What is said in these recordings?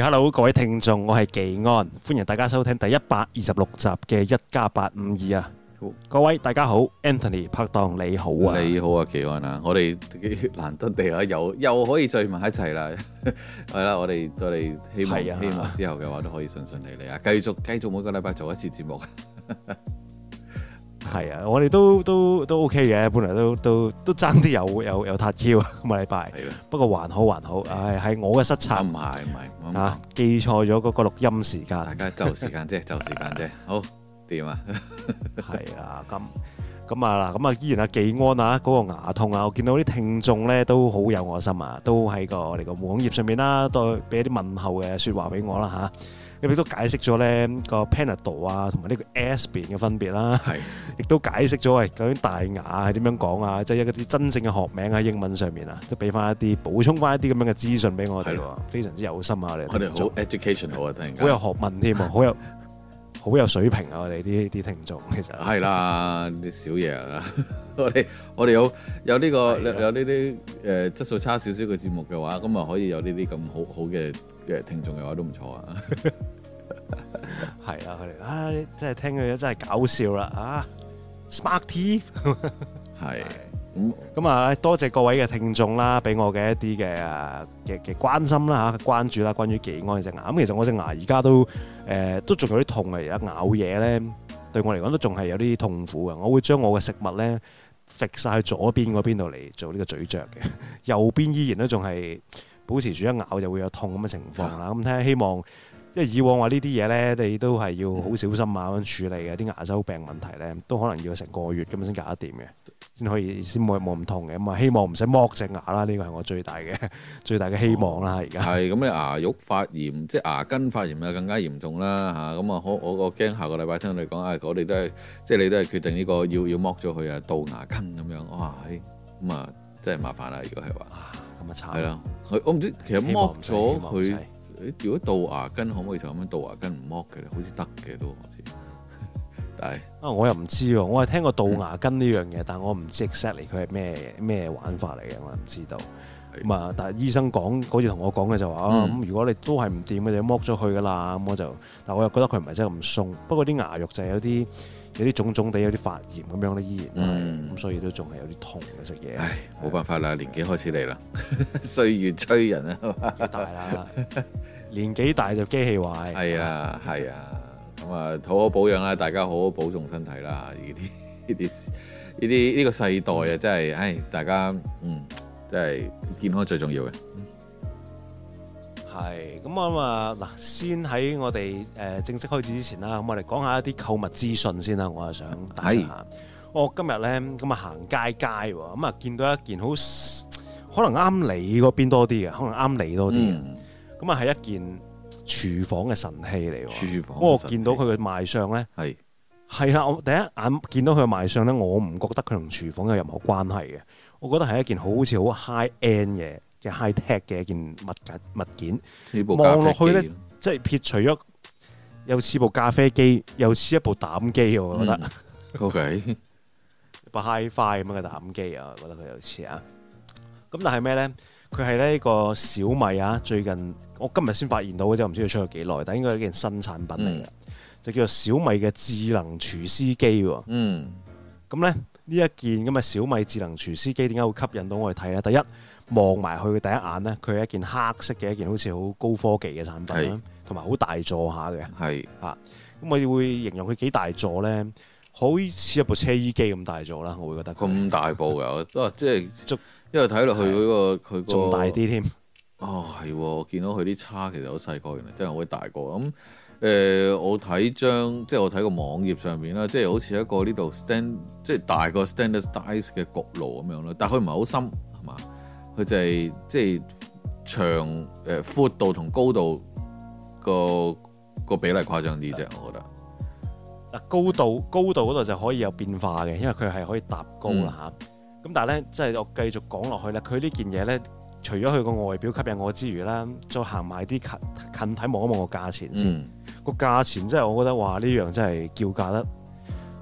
Hello，各位聽眾，我係技安，歡迎大家收聽第一百二十六集嘅一加八五二啊！各位大家好，Anthony 拍檔你好啊！你好啊，技安啊！我哋難得地啊，又又可以聚埋一齊啦，係啦，我哋我哋希望希望之後嘅話都可以順順利利啊！繼續繼續每個禮拜做一次節目。係啊，我哋都都都 O K 嘅，本來都都都爭啲有有有撻 Q 咁個禮拜，的不過還好還好，唉的，喺、哎、我嘅失策唔係唔係，吓、啊、記錯咗嗰個錄音時間，大家就時間啫， 就時間啫，好點啊？係 啊，咁咁啊嗱，咁啊依然阿紀安啊，嗰、那個牙痛啊，我見到啲聽眾咧都好有我心啊，都喺個我哋個網頁上面啦，都俾啲問候嘅說話俾我啦吓。啊你都解釋咗咧個 panadol 啊，同埋呢個 aspirin 嘅分別啦。係的，亦都解釋咗喂究竟大牙係點樣講啊？即係一啲真正嘅學名喺英文上面啊，都俾翻一啲補充翻一啲咁樣嘅資訊俾我哋。的非常之有心啊！我哋我 educational 好啊，好有學問添，好有好 有水平啊！我哋啲啲聽眾其實係啦，啲小嘢啊，我哋我哋有有呢、這個有呢啲誒質素差少少嘅節目嘅話，咁啊可以有呢啲咁好好嘅。嘅聽眾嘅話都唔錯啊，係啊，佢哋啊，真係聽佢哋真係搞笑啦啊，Smart TV 係咁咁啊，多謝各位嘅聽眾啦，俾我嘅一啲嘅嘅嘅關心啦嚇，關注啦，關於健康隻牙。咁其實我隻牙而家都誒都仲有啲痛啊，而家咬嘢咧對我嚟講都仲係有啲痛苦啊。我會將我嘅食物咧食曬去左邊嗰邊度嚟做呢個咀嚼嘅，右邊依然都仲係。保持住一咬就會有痛咁嘅情況啦，咁睇下希望即係以往話呢啲嘢咧，你都係要好小心啊咁處理嘅啲、嗯、牙周病問題咧，都可能要成個月咁樣先搞得掂嘅，先可以先冇冇唔痛嘅咁啊。希望唔使剝隻牙啦，呢個係我最大嘅最大嘅希望啦而家。係咁、啊，現在 你牙肉發炎，即係牙根發炎啊，更加嚴重啦嚇。咁啊，我我個驚下個禮拜聽你講啊，我哋都係即係你都係決定呢、呢個要要剝咗佢啊，倒牙根咁樣哇，咁、哎、啊真係麻煩啦，如果係話。係啦，佢我唔知，其實剝咗佢。誒，如果杜牙根可唔可以就咁樣杜牙根唔剝嘅咧？好似得嘅都好似。係 啊是，我又唔知喎。我係聽過杜牙根呢樣嘢，但我唔知 exactly 佢係咩咩玩法嚟嘅。我唔知道。咁啊，嗯、但係、exactly、是醫生講，好似同我講嘅就話咁、嗯、如果你都係唔掂嘅，就剝咗佢噶啦。咁我就，但係我又覺得佢唔係真係咁鬆。不過啲牙肉就係有啲。有啲腫腫地，有啲發炎咁樣咧，依然咁，嗯、所以都仲係有啲痛嘅食嘢。唉，冇辦法啦，的年紀開始嚟啦， 歲月催人啊，大啦，年紀大就機器壞。係啊，係啊，咁啊，好 好保養啦，大家好好保重身體啦。呢啲呢啲呢啲呢個世代啊，真係唉，大家嗯，真係健康最重要嘅。係，咁我諗啊，嗱、嗯，先喺我哋誒正式開始之前啦，咁、嗯、我哋講下一啲購物資訊先啦，我啊想，下，是我今日咧咁啊行街街喎，咁、嗯、啊見到一件好可能啱你嗰邊多啲嘅，可能啱你，你多啲嘅，咁啊係一件廚房嘅神器嚟喎，廚房，不過我見到佢嘅賣相咧，係是，係啦，我第一眼見到佢嘅賣相咧，我唔覺得佢同廚房有任何關係嘅，我覺得係一件好似好 high end 嘅。嘅 high tech 嘅一件物件物件，望落去咧，即係撇除咗又似部咖啡機，又似一部膽機，我覺得。O K，部 Hi-Fi 咁嘅膽機啊，我覺得佢又似啊。咁但係咩咧？佢係呢個小米啊，最近我今日先發現到嘅啫，唔知佢出咗幾耐，但係應該係一件新產品嚟嘅，嗯、就叫做小米嘅智能廚師機。嗯，咁咧呢一件咁嘅小米智能廚師機，點解會吸引到我哋睇咧？第一。望埋去，佢第一眼咧，佢係一件黑色嘅一件好似好高科技嘅產品同埋好大座下嘅。係是啊，咁我會形容佢幾大座咧，好似一部車衣機咁大座啦。我會覺得咁大部嘅，啊，即係因為睇落去佢，嗯那個仲大啲添。哦，啊，係，我見到佢啲叉其實好細個，原來真係好大個。咁，嗯、誒、呃，我睇張即係我睇個網頁上面啦，即係好似一個呢度 stand 即係大個 standard size 嘅焗爐咁樣啦，但係佢唔係好深。佢就係即係長誒、呃、闊度同高度個個比例誇張啲啫，我覺得。嗱，高度高度嗰度就可以有變化嘅，因為佢係可以搭高啦嚇。咁、嗯啊、但係咧，即、就、係、是、我繼續講落去咧，佢呢件嘢咧，除咗佢個外表吸引我之餘咧，再行埋啲近近睇望一望個價錢先。個、嗯、價錢真係我覺得嘩呢樣真係叫價得。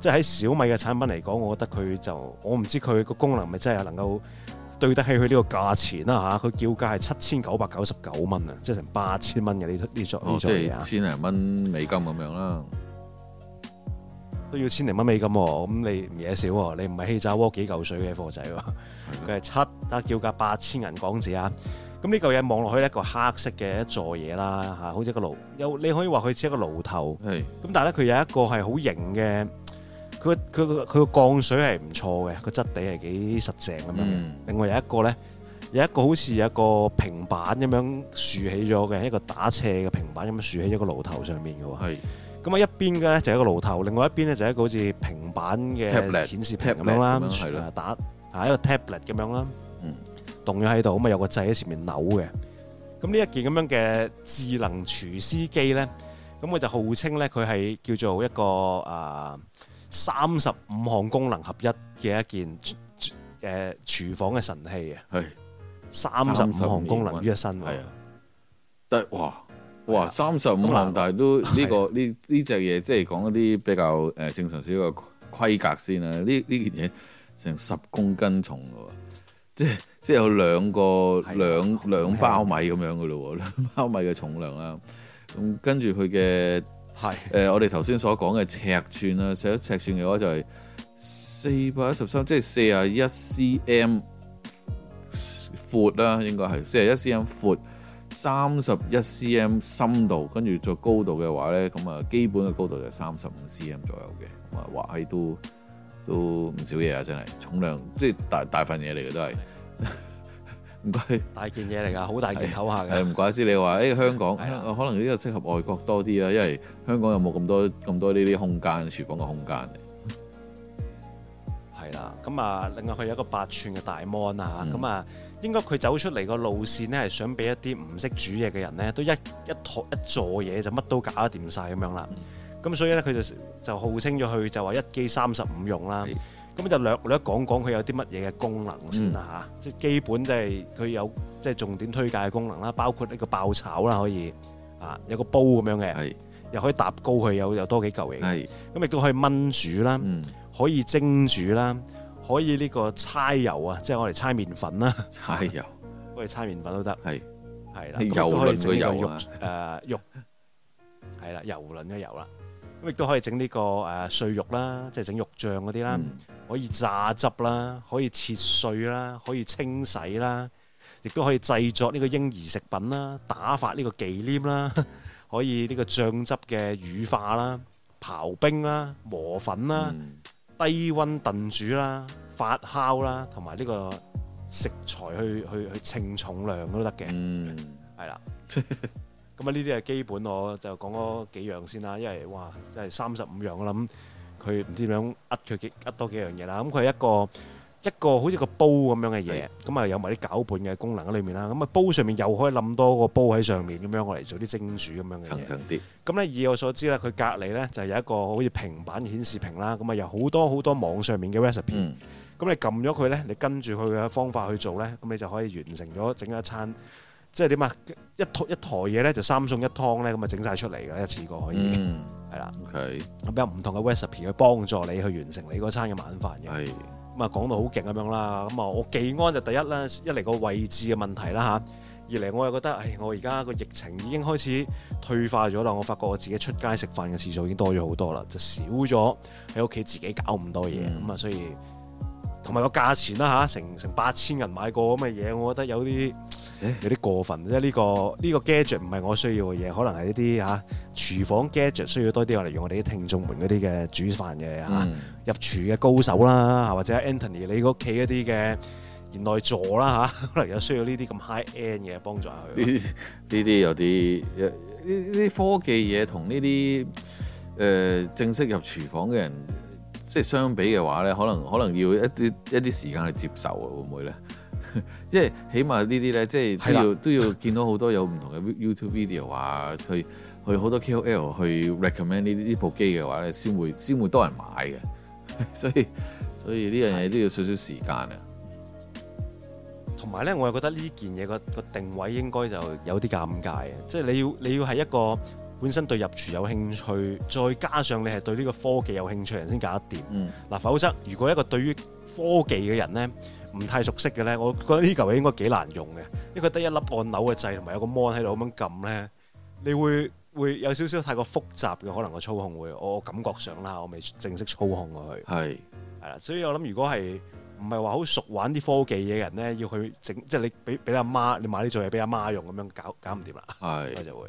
即係喺小米嘅產品嚟講，我覺得佢就我唔知佢個功能咪真係能夠。嗯對得起佢呢個價錢啦嚇，佢叫價係七千九百九十九蚊啊，即係成八千蚊嘅呢呢座呢座嘢即係千零蚊美金咁樣啦，都要千零蚊美金喎、哦。咁你唔嘢少喎，你唔係氣炸鍋幾嚿水嘅貨仔喎、哦。佢係七得叫價八千人港紙啊。咁呢嚿嘢望落去一個黑色嘅一座嘢啦嚇，好似個爐。有你可以話佢似一個爐頭，係咁的，但係咧佢有一個係好型嘅。佢佢佢佢個降水係唔錯嘅，個質地係幾實淨咁樣嘅。另外有一個咧，有一個好似有一個平板咁樣豎起咗嘅一個打斜嘅平板咁樣豎起咗個爐頭上面嘅喎。咁啊是，一邊嘅咧就係、是、一個爐頭，另外一邊咧就係、是、一個好似平板嘅 Tablet，顯示屏咁樣啦，誒打啊一個 tablet 咁樣啦。嗯，動咗喺度，咁啊有個掣喺前面扭嘅。咁呢一件咁樣嘅智能廚師機咧，咁我就號稱咧佢係叫做一個啊～啊啊啊三十五項功能合一嘅一件誒廚房嘅神器是啊！係三十五項功能於一身喎。得哇哇三十五項，啊、但係都呢、呢個呢呢隻嘢，即係講一啲比較誒正常少嘅規格先啦。呢呢件嘢成十公斤重嘅喎，即即有兩個、啊、兩兩包米咁樣嘅咯，兩包米嘅、啊、重量啦。咁、嗯、跟住佢嘅。係，誒是、呃、我哋頭先所講嘅尺寸啦、啊，寫咗尺寸嘅話就係四百一十三，即係四十一 cm 闊啦，應該係四十一 cm 闊，三十一 cm 深度，跟住再高度嘅話呢，咁啊基本嘅高度就三十五 cm 左右嘅，哇畫起都都唔少嘢啊，真係重量即係大大份嘢嚟嘅都係。的 唔該，大件嘢嚟㗎，好大件，口。下噶。唔怪之你話，誒、哎、香港，的可能呢個適合外國多啲啦，因為香港有冇咁多、咁多呢啲空間，廚房嘅空間。係啦，咁啊，另外佢有一個八吋嘅大芒啊，咁啊、嗯，應該佢走出嚟個路線呢，係想俾一啲唔識煮嘢嘅人呢，都一一一座嘢就乜都搞得掂晒。咁樣啦。咁、嗯、所以呢，佢就就號稱咗佢就話一機三十五用啦。咁就略略講講佢有啲乜嘢嘅功能先啦嚇，即係基本，即係佢有，即係重點推介嘅功能啦，包括呢個爆炒啦可以，啊有個煲咁樣嘅，又可以搭高佢有，有多幾嚿嘢，咁亦都可以燜煮啦、啊，可以蒸煮啦，啊、可以呢個搓油啊，即係我哋搓麵粉啦，搓油，攞嚟搓麵粉都得，係，係啦，油可以有肉啊，誒肉係啦，油輪嘅油啦。咁亦都可以整呢個誒碎肉啦，即係整肉醬嗰啲啦，嗯、可以榨汁啦，可以切碎啦，可以清洗啦，亦都可以製作呢個嬰兒食品啦，打發呢個忌廉啦，可以呢個醬汁嘅乳化啦、刨冰啦、磨粉啦、嗯、低溫燉煮啦、發酵啦，同埋呢個食材去去去稱重量都得嘅，係啦、嗯。了 咁啊，呢啲係基本，我就講咗幾樣先啦。因為哇，真係三十五樣我諗佢唔知點樣呃，佢幾呃多幾樣嘢啦。咁佢係一個一個好似個煲咁樣嘅嘢，咁啊是有埋啲攪拌嘅功能喺裏面啦。咁啊煲上面又可以冧多個煲喺上面，咁樣我嚟做啲蒸煮咁樣嘅層層疊。咁咧以我所知咧，佢隔離咧就有一個好似平板顯示屏啦，咁啊有好多好多網上面嘅 recipe、嗯。咁你撳咗佢咧，你跟住佢嘅方法去做咧，咁你就可以完成咗整一餐。即係點啊？一台一台嘢咧就三餸一湯咧，咁啊整晒出嚟嘅一次過可以，係啦、嗯。Okay。咁有唔同嘅 recipe 去幫助你去完成你嗰餐嘅晚飯嘅。咁啊講到好勁咁樣啦。咁啊我寄安就第一啦，一嚟個位置嘅問題啦嚇，二嚟我又覺得，唉，我而家個疫情已經開始退化咗啦。我發覺我自己出街食飯嘅次數已經多咗好多啦，就少咗喺屋企自己搞咁多嘢。咁啊所以。同埋個價錢啦嚇、啊，成成八千人買過咁嘅嘢，我覺得有啲、欸、有啲過分，即係呢個呢、呢個 gadget 唔係我需要嘅嘢，可能係一啲嚇廚房 gadget 需要多啲，我嚟用我哋啲聽眾們嗰啲嘅煮飯嘅嚇、啊嗯、入廚嘅高手啦、啊，或者 Anthony 你屋企嗰啲嘅賢內助啦嚇、啊，可能有需要呢啲咁 high end 嘅幫助下佢。呢啲有啲呢呢科技嘢同呢啲誒正式入廚房嘅人。即係相比嘅話咧，可能可能要一啲一啲時間去接受啊，會唔會咧？ 因為起碼呢啲咧，即係都要是的 都要見到好多有唔同嘅 YouTube video 啊， 去去好多 KOL 去 recommend 呢呢部機嘅話咧，先會先會多人買嘅。 所以所以呢樣嘢都要少少時間啊。同埋咧，我又覺得呢件嘢個個定位應該就有啲尷尬啊，即係你要你要係一個。本身對入廚有興趣，再加上你係對呢個科技有興趣嘅人先搞得掂。嗱、嗯，否則如果一個對於科技嘅人咧，唔太熟悉嘅咧，我覺得呢嚿嘢應該幾難用嘅，因為佢得一粒按鈕嘅掣同埋有個芒喺度咁樣撳咧，你會會有少少太過複雜嘅可能個操控會，我感覺上啦，我未正式操控過佢。係係啦，所以我諗如果係唔係話好熟玩啲科技嘅人咧，要去整，即係你俾俾阿媽，你買呢樣嘢俾阿媽用咁樣搞，搞唔掂啦。係是，就會。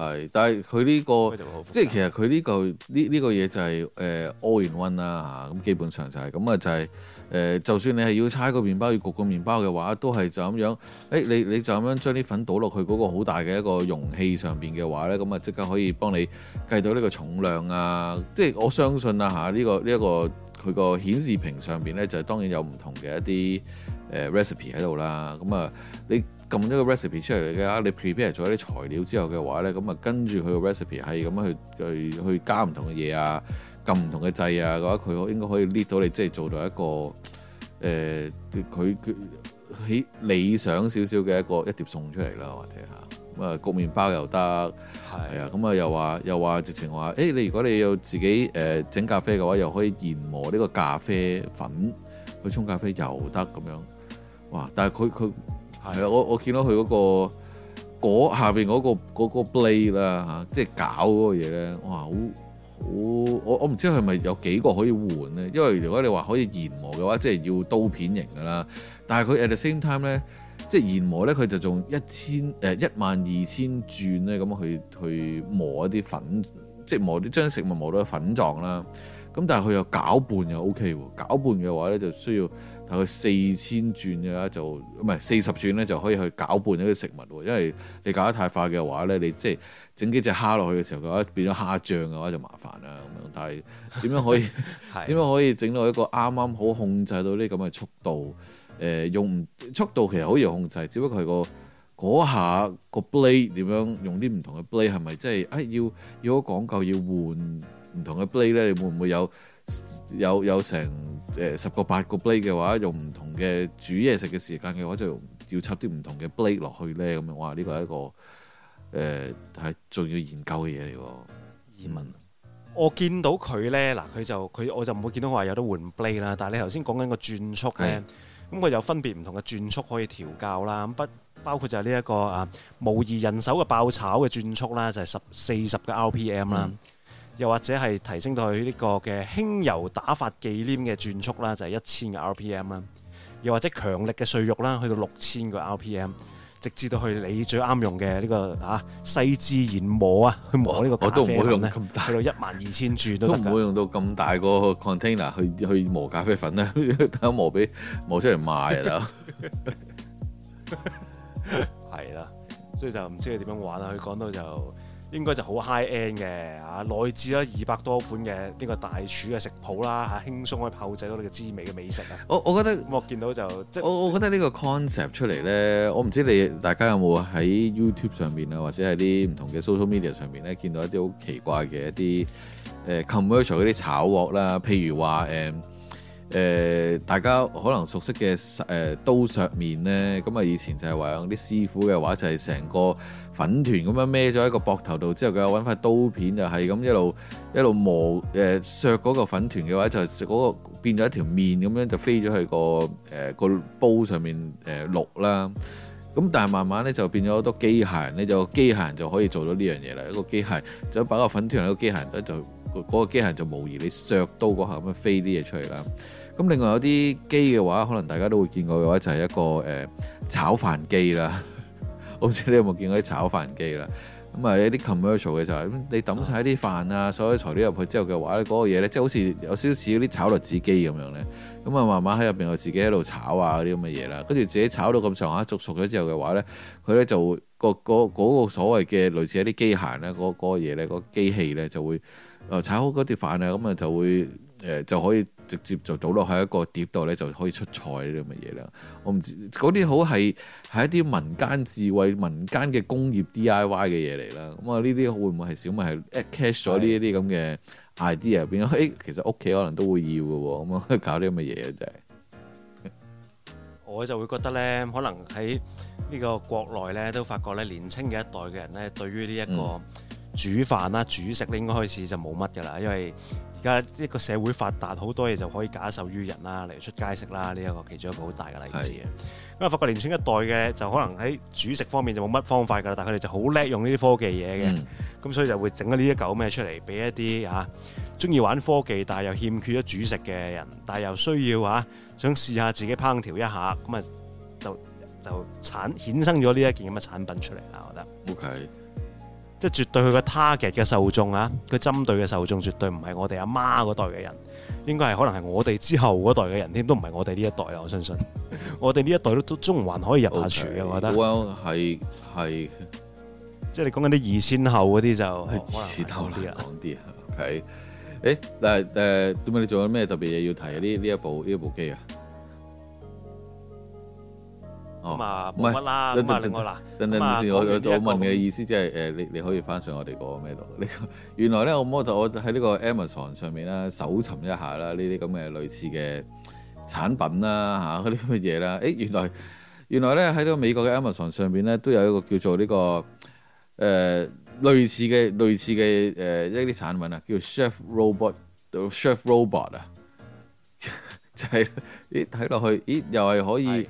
係，但係佢呢個 即係其實佢呢、這個呢呢、 這個嘢、這個、就係誒 all in one 啦嚇，咁、呃、基本上就係咁啊，就係誒，就算你係要拆個麵包要焗個麵包嘅話，都係就咁樣，誒、欸、你你就咁樣將啲粉倒落去嗰個好大嘅一個容器上邊嘅話咧，咁啊即刻可以幫你計到呢個重量啊，即係我相信啊嚇呢、啊這個呢一、這個佢個顯示屏上邊咧就係、是、當然有唔同嘅一啲誒、呃、recipe 喺度啦，咁、嗯、啊你。撳咗個 recipe 出嚟嘅啊！你 prepare 咗啲材料之後嘅話咧，咁啊跟住佢個 recipe 係咁樣去去去加唔同嘅嘢啊，撳唔同嘅掣啊嘅話，佢可應該可以 lead 到你即係做到一個誒，佢佢喺理想少少嘅一個一碟餸出嚟啦，或者嚇咁啊焗麪包又得係啊，咁啊又話又話直情話誒，你如果你要自己誒整、呃、咖啡嘅話，又可以研磨呢個咖啡粉去沖咖啡又得咁樣哇！但係佢佢。係、那個那個那個、啊，我我見到佢嗰個果下邊嗰個嗰個 blade 啦嚇，即係攪嗰個嘢咧，哇好好，我我唔知佢係咪有幾個可以換咧？因為如果你話可以研磨嘅話，即係要刀片型噶啦。但係佢 at the same time 咧，即係研磨咧，佢就用一千誒、啊、一萬二千轉咧咁去去磨一啲粉，即係磨啲將食物磨到粉狀啦。咁但係佢又攪拌又 OK 喎，攪拌嘅話咧就需要。大概四千轉嘅話就唔係四十轉咧，轉就可以去攪拌一啲食物喎。因為你攪得太快嘅話咧，你即係整幾隻蝦落去嘅時候嘅話，變咗蝦醬嘅話就麻煩啦。咁樣，但係點樣可以點 的樣可以整到一個啱啱好控制到呢？咁嘅速度？誒、呃，用速度其實好易控制，只不過係個嗰下個 blade 點樣用啲唔同嘅 blade 係咪即係誒要要好講究要換唔同嘅 blade 咧？你會唔會有？有有成誒、呃、十個八個 blade 嘅話，用唔同嘅煮嘢食嘅時間嘅話，就要插啲唔同嘅 blade 落去咧。咁樣哇，呢個係一個誒係、呃、重要研究嘅嘢嚟喎。移、嗯、民，我見到佢咧，嗱佢就佢我就唔會見到話有得換 blade 啦。但係你頭先講緊個轉速咧，咁佢的、嗯、有分別唔同嘅轉速可以調校啦。咁不包括就係呢一個啊，模擬人手嘅爆炒嘅轉速啦，就係、是、十四十嘅 RPM 啦。嗯又或者係提升到去呢個嘅輕柔打發忌廉嘅轉速啦，就係一千個 RPM 啦；又或者強力嘅碎肉啦，去到六千個 RPM，直至到去你最啱用嘅呢、呢個啊，細緻研磨啊，去磨呢個咖啡粉咁大，去到一萬二千轉都唔會用到咁大個 container 去去磨咖啡粉咧，等 磨俾磨出嚟賣啊！係啦， 所以就唔知佢點樣玩啦。佢講到就～應該就好 high end 嘅，嚇，內置咗二百多款嘅呢個大廚嘅食譜啦嚇，輕鬆可以炮製到你嘅滋味嘅美食啊！我我覺得我見到就即我我覺得呢個 concept 出嚟呢，我唔知你大家有冇喺 YouTube 上面，啊，或者係啲唔同嘅 social media 上面呢，見到一啲好奇怪嘅一啲誒、呃、commercial 嗰啲炒鑊啦，譬如話誒誒大家可能熟悉嘅誒、呃、刀削麵呢，咁啊以前就係話有啲師傅嘅話就係、是、成個。粉團咁樣孭咗喺個膊頭度之後，佢又揾塊刀片就係咁一路一路磨誒削嗰個粉團嘅話，就嗰、那個變咗一條麵咁樣就飛咗去、那個誒個、呃、煲上面誒落啦。咁、呃、但係慢慢咧就變咗好多機械人咧，就個機械人就可以做到呢樣嘢啦。一個機械就擺個粉團喺個機械人度，就嗰、那個機械人就模擬你削刀嗰下咁樣飛啲嘢出嚟啦。咁另外有啲機嘅話，可能大家都會見過嘅話，就係、是、一個誒、呃、炒飯機啦。 好似你有冇見過啲炒飯機啦？咁啊，有啲 commercial 嘅就係咁，你抌晒啲飯啊，所有材料入去之後嘅話咧，嗰、嗰個嘢咧，即係好似有少少嗰啲炒栗子機咁樣咧，咁啊，慢慢喺入邊又自己喺度炒啊嗰啲咁嘅嘢啦，跟住自己炒到咁上下，熟熟咗之後嘅話咧，佢咧就會、嗰個嗰、嗰個所謂嘅類似一啲機械咧，嗰、嗰個嘢咧，嗰個機器咧就會誒炒好嗰碟飯啊，咁啊就會誒、呃、就可以。直接就倒落喺一個碟度咧，就可以出菜呢啲咁嘅嘢啦。我唔知嗰啲好係係一啲民間智慧、民間嘅工業 D I Y 嘅嘢嚟啦。咁啊，呢啲會唔會係小米係 catch 咗呢一啲咁嘅 idea 入咗對、欸？其實屋企可能都會要嘅喎。咁啊，搞啲咁嘅嘢啊，真係。我就會覺得咧，可能喺呢個國內咧，都發覺咧，年輕嘅一代嘅人咧，對於呢一個煮飯啦、煮、嗯、食咧，應該開始就冇乜噶啦，因為。而家一個社會發達，好多嘢就可以假手於人啦，例如出街食啦，呢一個其中一個好大嘅例子啊。咁啊是，發覺年青一代嘅就可能喺煮食方面就冇乜方法噶啦，但係佢哋就好叻用呢啲科技嘢嘅，咁、嗯、所以就會整咗呢一嚿咩出嚟，俾一啲啊中意玩科技但係又欠缺咗煮食嘅人，但係又需要啊想試下自己烹調一下，咁啊就就產衍生咗呢一件咁嘅產品出嚟啦，我覺得。Okay. 即係絕對佢個 target 嘅受眾啊，佢針對嘅受眾絕對唔係我哋阿媽嗰代嘅人，應該係可能係我哋之後嗰代嘅人添，都唔係我哋呢一代啊！我相信， 我哋呢一代都都仲還可以入下廚嘅，Okay. 我覺得。Well 係係，即係你講緊啲二千後嗰啲就係難講啲啊。OK，誒嗱誒，點解你做有咩特別嘢要提呢呢一,一部呢一部機啊？哦唔係、嗯、啦，嗯、等等我啦，等、嗯、等陣話我我話我問嘅意思即係誒，你你可以翻上我哋、嗰個咩度？呢原來咧，我摩托，我喺呢個 Amazon 上面啦，搜尋一下啦，呢啲咁嘅類似嘅產品啦，嚇嗰啲咁嘅嘢啦。誒、欸、原來原來咧喺呢個美國嘅 Amazon 上面咧，都有一個叫做呢、呢個誒、呃、類似嘅類似嘅誒、呃、一啲產品啊，叫 Chef Robot Chef Robot 啊，就係、是、咦睇落去咦又係可以。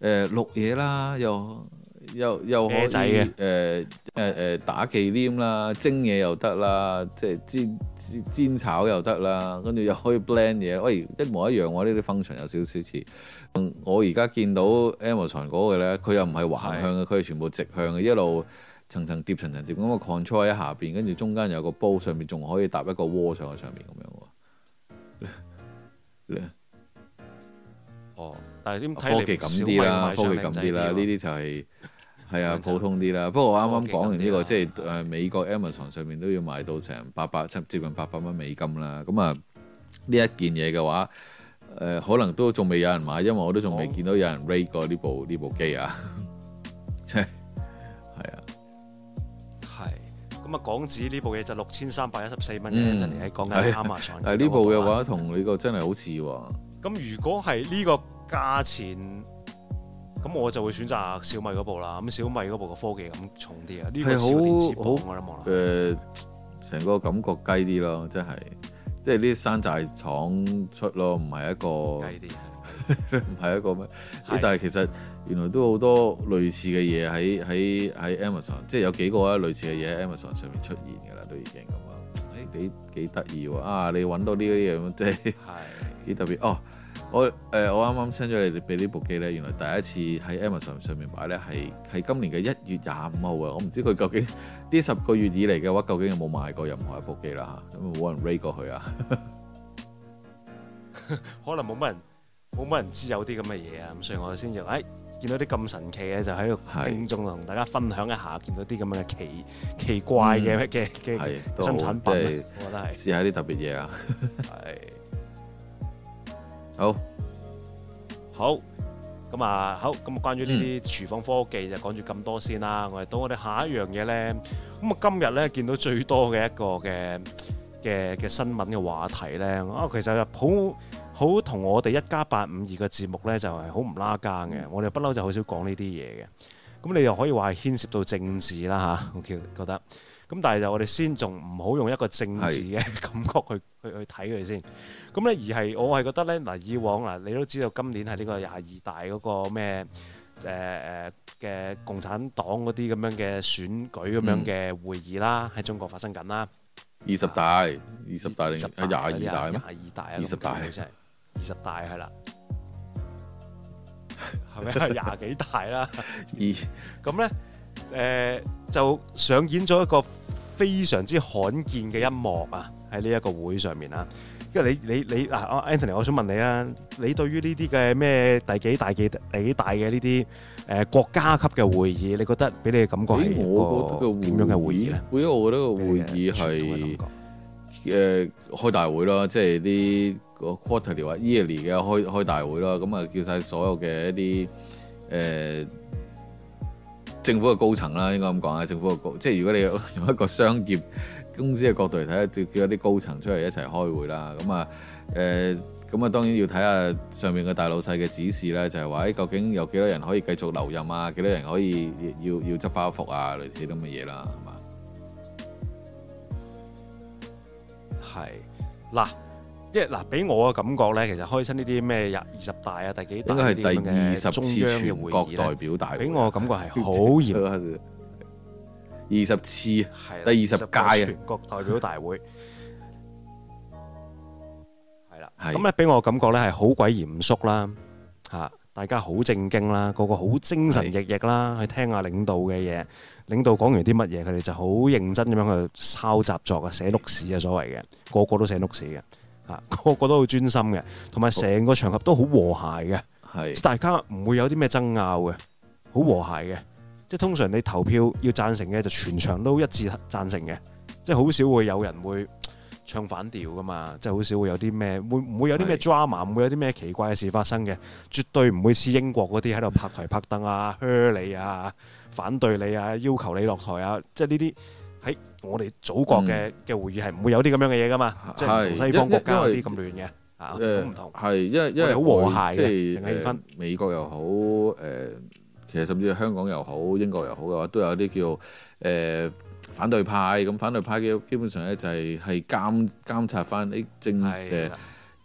誒淥嘢啦，又又又可以誒誒誒打忌廉啦，蒸嘢又得啦，即係煎煎炒又得啦，跟住又可以 blend 嘢。喂、欸，一模一樣喎、啊，呢啲風場有少少似。我而家見到 Amazon 嗰個咧，佢又唔係橫向嘅，佢係對全部直向嘅，一路層層疊層層疊。咁個 control 喺下邊，跟住中間有個煲，上面仲可以搭一個鍋上喺上面咁樣喎。哦 。Oh. 科技咁啲啦，科技咁啲啦，呢啲就係係啊普通啲啦。不過啱啱講完呢、呢個，即係誒美國 Amazon 上面都要買到成八百，接接近八百蚊美金啦。咁啊呢一件嘢嘅話，誒可能都仲未有人買，因為我都仲未見到有人 rate 過呢部呢部機 啊。即係係啊，係咁啊，港紙呢部嘢就六千三百一十四蚊咧，人喺講亞馬遜呢部嘅話，同你個真係好似喎。咁如果係呢個價錢咁我就會選擇小米嗰部啦。咁小米嗰部嘅科技咁重啲啊，呢很個好好很我成的、呃、個感覺雞啲咯，真係，即係，即係呢啲山寨廠出咯，唔係一個唔係一， 一個咩？是但係其實原來都好多類似嘅嘢喺喺喺 Amazon，即係有幾個啊類似嘅嘢喺 Amazon 上面出現㗎啦，都已經咁啊！誒幾幾得意喎啊！你揾到呢啲嘢即係真係幾特別哦～我誒、呃、我啱啱 send 咗你哋俾呢部機咧，原來第一次喺 Amazon 上面買咧，係係今年嘅一月廿五號啊！我唔知佢究竟呢十個月以嚟嘅話，究竟有冇買過任何一部機啦嚇？咁冇人 ray 過佢啊！啊 可能冇乜人冇乜人知有啲咁嘅嘢啊！咁所以我先至誒見到啲咁神奇嘅，就喺度聽眾同大家分享一下，見是到啲咁嘅奇奇怪嘅嘅嘅新產品，我覺得係試，試一下啲特別嘢啊！係。 Oh. 好，好咁啊，好咁。啊，關於呢啲廚房科技、嗯、就講住咁多先啦。我哋到我哋下一樣嘢咧。咁啊，今日咧見到最多嘅一個嘅、嘅、嘅新聞嘅話題咧啊，其實又好好同我哋一家八五二嘅節目咧就係好唔拉更嘅。我哋不嬲就好少講呢啲嘢嘅。咁你又可以話係牽涉到政治啦吓？O K，我覺得。咁但係就我哋先仲唔好用一個政治嘅感覺去去去睇佢先，咁咧而係我係覺得咧嗱，以往嗱你都知道今年係呢個廿二大嗰個咩誒誒嘅共產黨嗰啲咁樣嘅選舉咁樣嘅會議啦，喺中國發生緊啦。二十大，二十大定廿二大咩？廿二大，二十大，二十大係啦，係咪廿幾大啦？二咁咧。誒、呃、就上演咗一個非常之罕見嘅一幕啊！喺呢一個會上面啊。因為你你你嗱，Anthony，我想問你啊，你對於呢啲嘅咩第幾大嘅第幾大嘅呢啲誒國家級嘅會議，你覺得俾你嘅感覺係點樣嘅會議咧？會啊！我覺得，會會我覺得個會議係誒、呃、開大會啦，即係啲 quarterly 啊、yearly 嘅開開大會啦，咁啊叫曬所有嘅一啲誒。呃政府嘅高層啦，應該咁講啊。政府嘅高，即係如果你用一個商業公司嘅角度嚟睇，就叫叫一啲高層出嚟一齊開會啦。咁啊，誒、呃，咁啊，當然要睇下上面嘅大老細嘅指示啦。就係話，誒，究竟有幾多人可以繼續留任啊？幾多人可以要要執包袱啊？類似咁嘅嘢啦，係嘛？係，嗱。即係嗱，俾我嘅感覺咧，其實開親呢啲咩廿二十大啊，第幾大？應該係第二十次全國代表大。俾我嘅感覺係好嚴。二十次係啊，第二十屆啊。全國代表大會係啦，咁咧俾我嘅感覺咧係好鬼嚴肅啦，嚇大家好正經啦，個個好精神奕奕啦，去聽下領導嘅嘢。領導講完啲乜嘢，佢哋就好認真咁樣去抄習作啊、寫碌屎啊，所謂嘅個個都寫碌屎嘅。啊，個個都好專心嘅，同埋成個場合都好和諧嘅，係的大家唔會有啲咩爭拗嘅，好和諧嘅，即係通常你投票要贊成嘅就全場都一致贊成嘅，即係好少會有人會唱反調噶嘛，即係好少會有啲咩，會唔會有啲咩 drama，唔會有啲咩奇怪嘅事發生嘅，絕對唔會似英國嗰啲喺度拍台拍凳啊，呵你啊，反對你啊，要求你落台啊，即係呢啲。我哋祖國嘅嘅會議係唔會有啲咁樣嘅嘢噶嘛，嗯、即係西方國家嗰啲咁亂嘅，嚇都唔同。係因為因為好和諧，即剩係翻美國又好，誒、呃，其實甚至香港又好、英國又好嘅話，都有啲叫誒反對派咁。反對派嘅基本上咧就係係監監察翻啲政嘅。的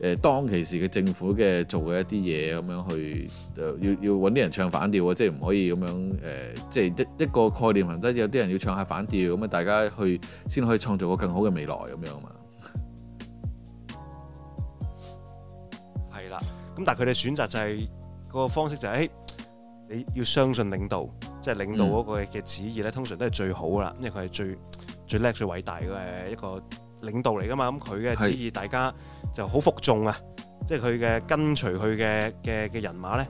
誒當其時嘅政府嘅做嘅一啲嘢咁樣去，要要搵啲人唱反調，即係唔可以咁樣誒、呃，即係一一個概念係得，或者有啲人要唱下反調，咁啊大家去先可以創造個更好嘅未來咁樣啊嘛。係啦，咁但係佢哋選擇就係、是那個方式就係、是，你要相信領導，即係領導嗰個嘅旨意咧，通常都係最好啦，嗯、因為佢係最最叻、最偉大嘅一個。領導嚟噶嘛？咁佢嘅旨意，大家就好服眾啊！是即係佢嘅跟隨，佢嘅嘅嘅人馬咧，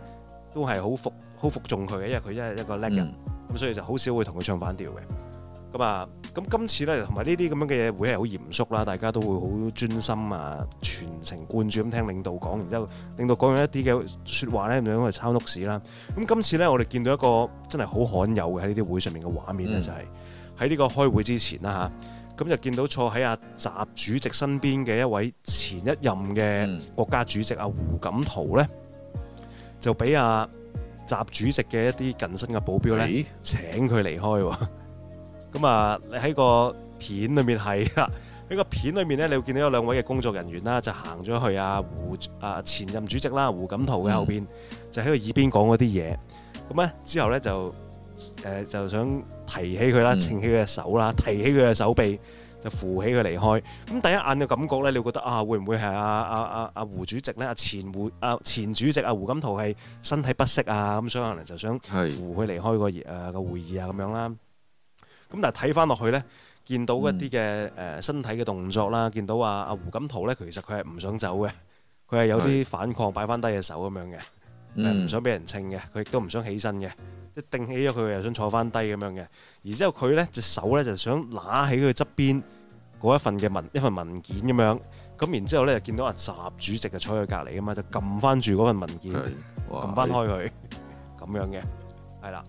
都係好服好服眾佢嘅，因為佢真係一個叻人，咁、嗯、所以就好少會同佢唱反調嘅。咁啊，咁今次咧，同埋呢啲咁樣嘅嘢會係好嚴肅啦，大家都會好專心啊，全程貫注咁聽領導講，然之後領導講完一啲嘅説話咧，咁樣去抄屋史啦。咁今次咧，我哋見到一個真係好罕有嘅喺呢啲會上面嘅畫面咧，嗯、就係喺呢個開會之前啦、啊、嚇。咁就見到坐喺阿習主席身邊嘅一位前一任嘅國家主席阿胡錦濤咧，就俾阿習主席嘅一啲近身嘅保鏢咧，請佢離開。咁咦 啊，你喺個片裏面係啊，喺 個片裏面咧，你會見到有兩位嘅工作人員啦，就行咗去啊胡。胡啊前任主席啦，胡錦濤嘅後面、嗯、邊後，就喺佢耳邊講嗰啲嘢。咁咧之後咧就。誒，就想提起佢啦，撐起佢嘅手啦，提起佢嘅手臂，就扶起佢離開。咁第一眼嘅感覺咧，你會覺得啊，會唔會係阿阿阿阿胡主席咧？阿前胡阿前主席阿胡錦濤係身體不適啊，咁所以可能就想扶佢離開個誒個會議啊，咁樣啦。咁但係睇翻落去咧，見到一啲嘅誒身體嘅動作啦，見到阿阿胡錦濤咧，其實佢係唔想走嘅，佢係有啲反抗，擺翻低嘅手咁樣嘅，唔想俾人撐嘅，佢亦都唔想起身嘅。定起咗佢，又想坐翻低咁樣嘅，然之後佢咧隻手咧就想攞起佢側邊嗰一份嘅文一份文件咁樣，咁然之後咧就見到阿習主席就坐佢隔離啊嘛，就撳翻住嗰份文件，撳翻開佢，咁樣嘅，係啦，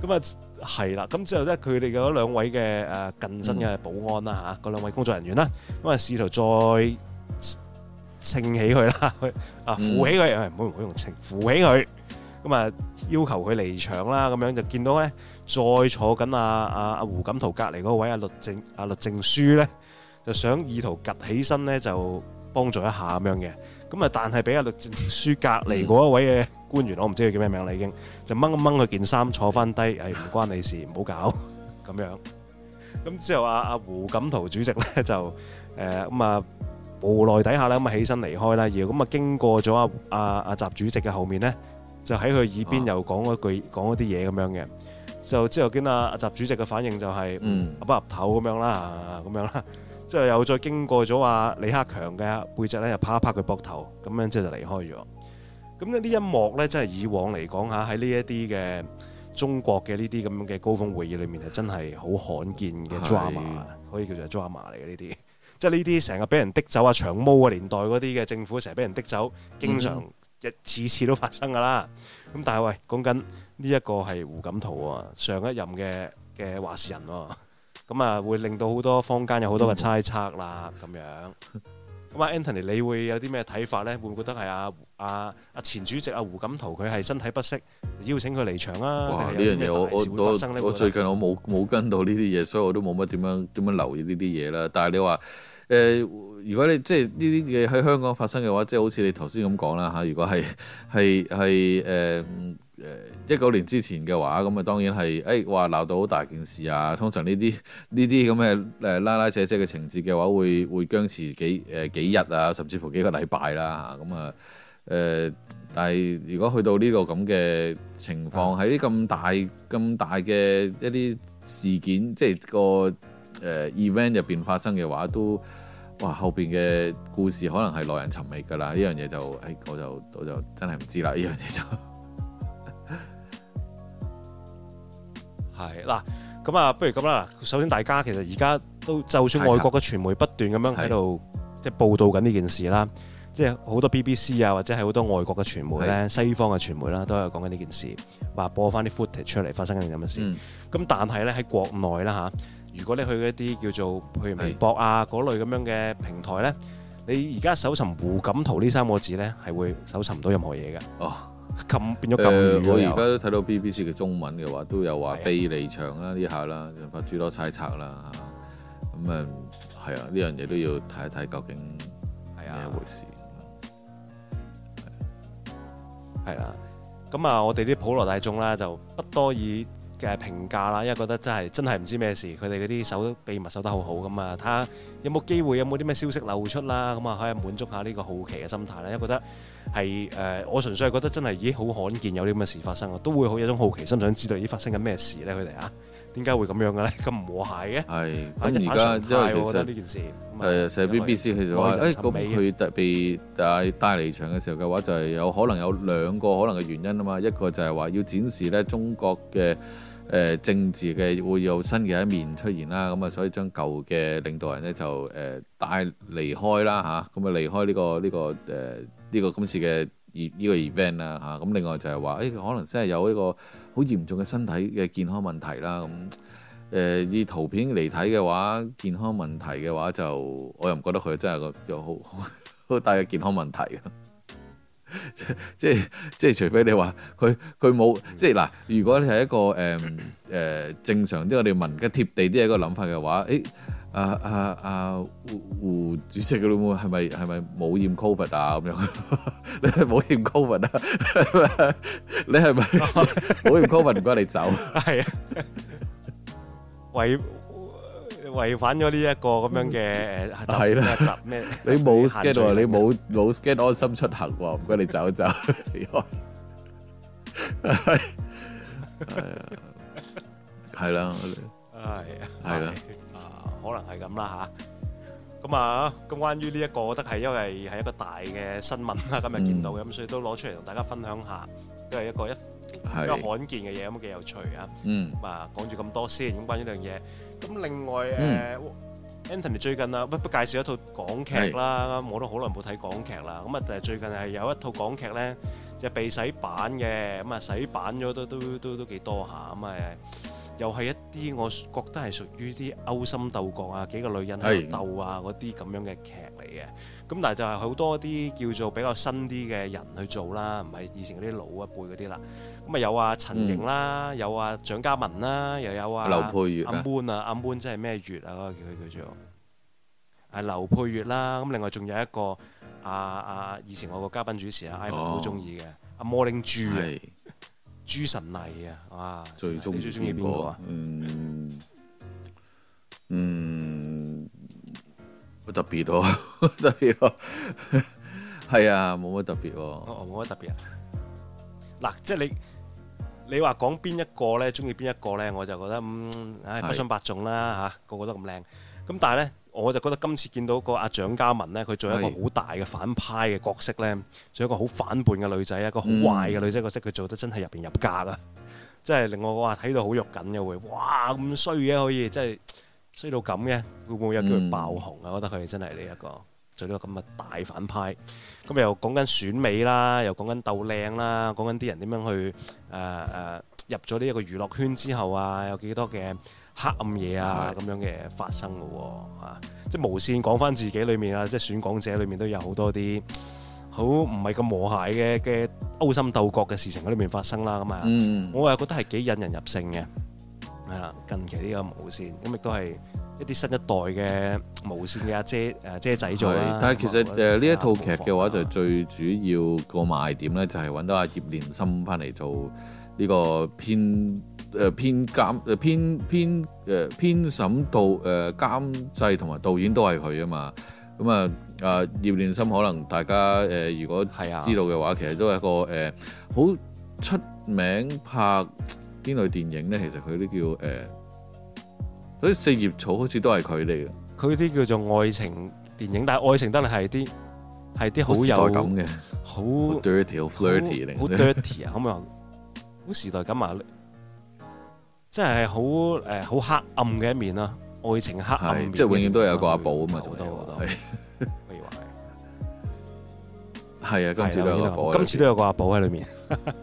咁啊係啦，咁之後咧佢哋有兩位嘅誒近身嘅保安啦嚇，嗰兩位工作人員啦，咁啊試圖再稱起佢啦，啊扶起佢，唔好唔好用稱，扶起佢。咁啊，要求佢離場啦，咁樣就見到咧，再坐緊阿阿阿胡錦濤隔離嗰位阿栗戰阿栗戰書咧，就想意圖趌起身咧，就幫助一下咁樣嘅。咁啊，但係俾阿栗戰書隔離嗰一位嘅官員，嗯、我唔知佢叫咩名啦，已經就掹一掹佢件衫，坐翻低，誒唔關你事，唔好搞咁樣。咁之後，阿阿 胡錦濤主席咧就誒咁啊，無奈底下咧咁啊起身離開啦。而咁啊，經過咗阿阿阿習主席嘅後面咧。就喺佢耳邊又講嗰句講嗰啲嘢咁樣嘅，就之後見阿習主席嘅反應就係阿不入頭咁樣啦，咁樣啦，之後又再經過咗阿李克強嘅背脊咧，又啪一拍佢膊頭，咁樣之後就離開咗。咁咧呢一幕咧，真係以往嚟講嚇喺呢一啲嘅中國嘅呢啲咁樣嘅高峰會議裏面係真係好罕見嘅 drama，是可以叫做 drama 嚟嘅呢啲，即係呢啲成日俾人滴走啊長毛嘅年代嗰啲嘅政府成日俾人滴走，經常、嗯。一次次都發生㗎啦，咁但係喂講緊呢一個係胡錦濤啊，上一任嘅嘅話事人喎，咁、喔、啊 會令到好多坊間有好多嘅猜測啦，咁樣。咁啊 Anthony，你會有啲咩睇法咧？會唔會覺得係啊啊啊前主席啊胡錦濤佢係身體不適，邀請佢離場啊？哇！呢樣嘢我我我我，我，我，我最近我冇冇跟到呢啲嘢，所以我都冇乜點樣點樣，樣留意呢啲嘢啦。但係你話。誒、呃，如果你即係呢啲嘢喺香港發生嘅話，即係好似你頭先咁講啦嚇。如果係係係誒誒一九年之前嘅話，咁啊當然係，哎話鬧到好大件事啊。通常呢啲呢啲咁嘅誒拉拉扯扯嘅情節嘅話，會會僵持幾誒、呃、幾日啊，甚至乎幾個禮拜啦嚇。咁啊誒，但係如果去到呢個咁嘅情況，喺啲咁大咁大嘅一啲事件，即係個。誒、uh, event 入邊發生嘅話，都哇後邊嘅故事可能係耐人尋味㗎啦！呢樣嘢就誒，我就我就真係唔知啦！呢樣嘢就係嗱咁啊， 喇不如咁啦！首先大家其實而家都就算外國嘅傳媒不斷咁樣喺度即係報道緊呢件事啦，是即係好多 BBC 啊或者係好多外國嘅傳媒咧，是西方嘅傳媒啦，都有講緊呢件事，話是播翻啲 footage 出嚟發生緊咁嘅事。咁、嗯、但係咧喺國內啦嚇。如果你去一啲叫做，譬如微博，博啊嗰類咁樣嘅平台咧，是你而家搜尋胡錦濤呢三個字咧，係會搜尋唔到任何嘢嘅。哦，咁變咗禁語啦。誒，我而家都睇到 BBC 嘅中文嘅話，都有話被離場啦，呢下啦，引發諸多猜測啦。咁誒，係啊，呢、嗯啊、樣嘢都要睇一睇究竟係咩回事。係啦，咁啊，啊啊我哋啲普羅大眾啦，就不多以。嘅評價啦，因為覺得真係真係唔知咩事，佢哋嗰啲守秘密守得好好咁啊，睇下有冇機會有冇啲咩消息漏出啦，咁啊可以滿足下呢個好奇嘅心態啦，因為覺得係誒、呃，我純粹係覺得真係已經好罕見有啲咁嘅事發生，都會好有種好奇心，想知道已經發生緊咩事咧，佢哋啊。點解會咁樣嘅咧？咁 唔和諧嘅。係，咁而家因為其實係啊，成 BBC 其實話，誒嗰佢特別帶帶離場嘅時候嘅話，就係、是、有可能有兩個可能嘅原因啊嘛。一個就係話要展示咧中國嘅誒、呃、政治嘅會有新嘅一面出現啦。咁、嗯、啊，所以將舊嘅領導人咧就誒、呃、帶離開啦吓，咁啊，離開呢、呢個呢、呢個誒呢、呃呢個今次嘅。呢依個 event 啦，啊、嚇，咁另外就係話誒，可能真係有一個好嚴重嘅身體嘅健康問題啦。咁、啊、誒、呃，以圖片嚟睇嘅話，健康問題嘅話就我又唔覺得佢真係個有好好大嘅健康問題咯。 即即即除非你話佢佢冇即嗱，如果你係一個誒誒、呃呃、正常啲，即係、我哋民嘅貼地啲嘅一個諗法嘅話，誒、哎。啊啊啊！胡胡主席嘅老母係咪係咪冇驗 covid 啊？咁樣你係冇驗 covid 啊？你係咪冇驗 covid？唔該你走。係啊，違違反咗呢一個咁樣嘅係啦，集咩？你冇 scan 啊！你冇冇 scan？安心出行喎，唔該你走走離開。係啊，係啦，係啊，係啦。可能係咁啦吓，咁啊咁關於呢一個，我覺得係因為係一個大嘅新聞啦，今日見到嘅，所以都攞出嚟同大家分享下，都係一個一比較罕見嘅嘢，咁幾有趣啊！嗯，啊講住咁多先，咁關於呢樣嘢。咁另外誒，Anthony 最近啊，不不介紹一套港劇啦，我都好耐冇睇港劇啦。咁啊，但係最近係有一套港劇咧，就被洗版嘅，咁啊洗版咗都都都都幾多下，咁啊。又係一啲，我覺得係屬於啲勾心鬥角啊，幾個女人喺度鬥啊，嗰啲咁樣嘅劇嚟嘅。咁但係就係好多啲叫做比較新啲嘅人去做啦，唔係以前嗰啲老一輩嗰啲啦。咁啊有啊陳瀅啦，有、嗯、啊蔣家旻啦，又有啊劉佩玥啊 moon 啊 moon，即係咩月啊？嗰、那個叫佢叫做係劉佩玥啦。咁另外仲有一個啊啊，啊，以前我個嘉賓主持啊 Ivan 好中意嘅阿 Morning 豬朱晨麗啊，哇！最鍾意最鍾意邊個啊？嗯嗯，好特別咯，特別咯，係啊，冇乜特別喎。哦，冇乜特別啊。嗱，即係你你話講邊一個咧，鍾意邊一個咧，我就覺得嗯，唉，不相伯仲啦嚇，個個都咁靚。咁但係咧。我就覺得今次見到個阿、啊、蔣家旻咧，佢做一個好大嘅反派嘅角色咧，做一個好反叛嘅女仔，一個好壞嘅女仔角色，佢做得真係入型入格啊！真係令我哇睇到好肉緊嘅會，哇咁衰嘅可以，真係衰到咁嘅，會唔會又叫佢爆紅啊？嗯、我覺得佢真係呢、這個、一個做呢個咁嘅大反派。咁又講緊選美啦，又講緊鬥靚啦，講緊啲人點樣去誒誒、呃呃、入咗呢一個娛樂圈之後啊，有幾多嘅黑暗嘢啊咁樣嘅發生嘅喎，啊，即係無線講翻自己裏面啊，即係選港姐裏面都有好多啲好唔係咁和諧嘅嘅勾心鬥角嘅事情喺裏面發生啦，咁啊，我係覺得係幾引人入勝嘅，係啦，近期呢個無線咁亦都係一啲新一代嘅無線嘅阿姐誒姐仔做啦。但係其實誒呢一套劇嘅話就最主要個賣點咧就係揾到阿葉念心翻嚟做呢個編。誒編監誒編編誒編審導誒監製同埋導演都係佢啊嘛，咁、嗯、啊啊葉念琛可能大家誒、呃、如果知道嘅話、啊其呃，其實都係一個誒好出名拍邊類電影咧。其實佢啲叫誒，啲四葉草好似都係佢嚟嘅。佢啲叫做愛情電影，但係愛情得嚟係啲係啲好有時代感嘅，好 dirty 好 flirty 好 dirty 啊，可唔可以好時代感啊？真係好，誒，好黑暗嘅一面啊，愛情黑暗即係永遠都有個阿寶啊嘛，做到以 我都可以話係。係 啊，今次都有個阿寶喺裏面。個面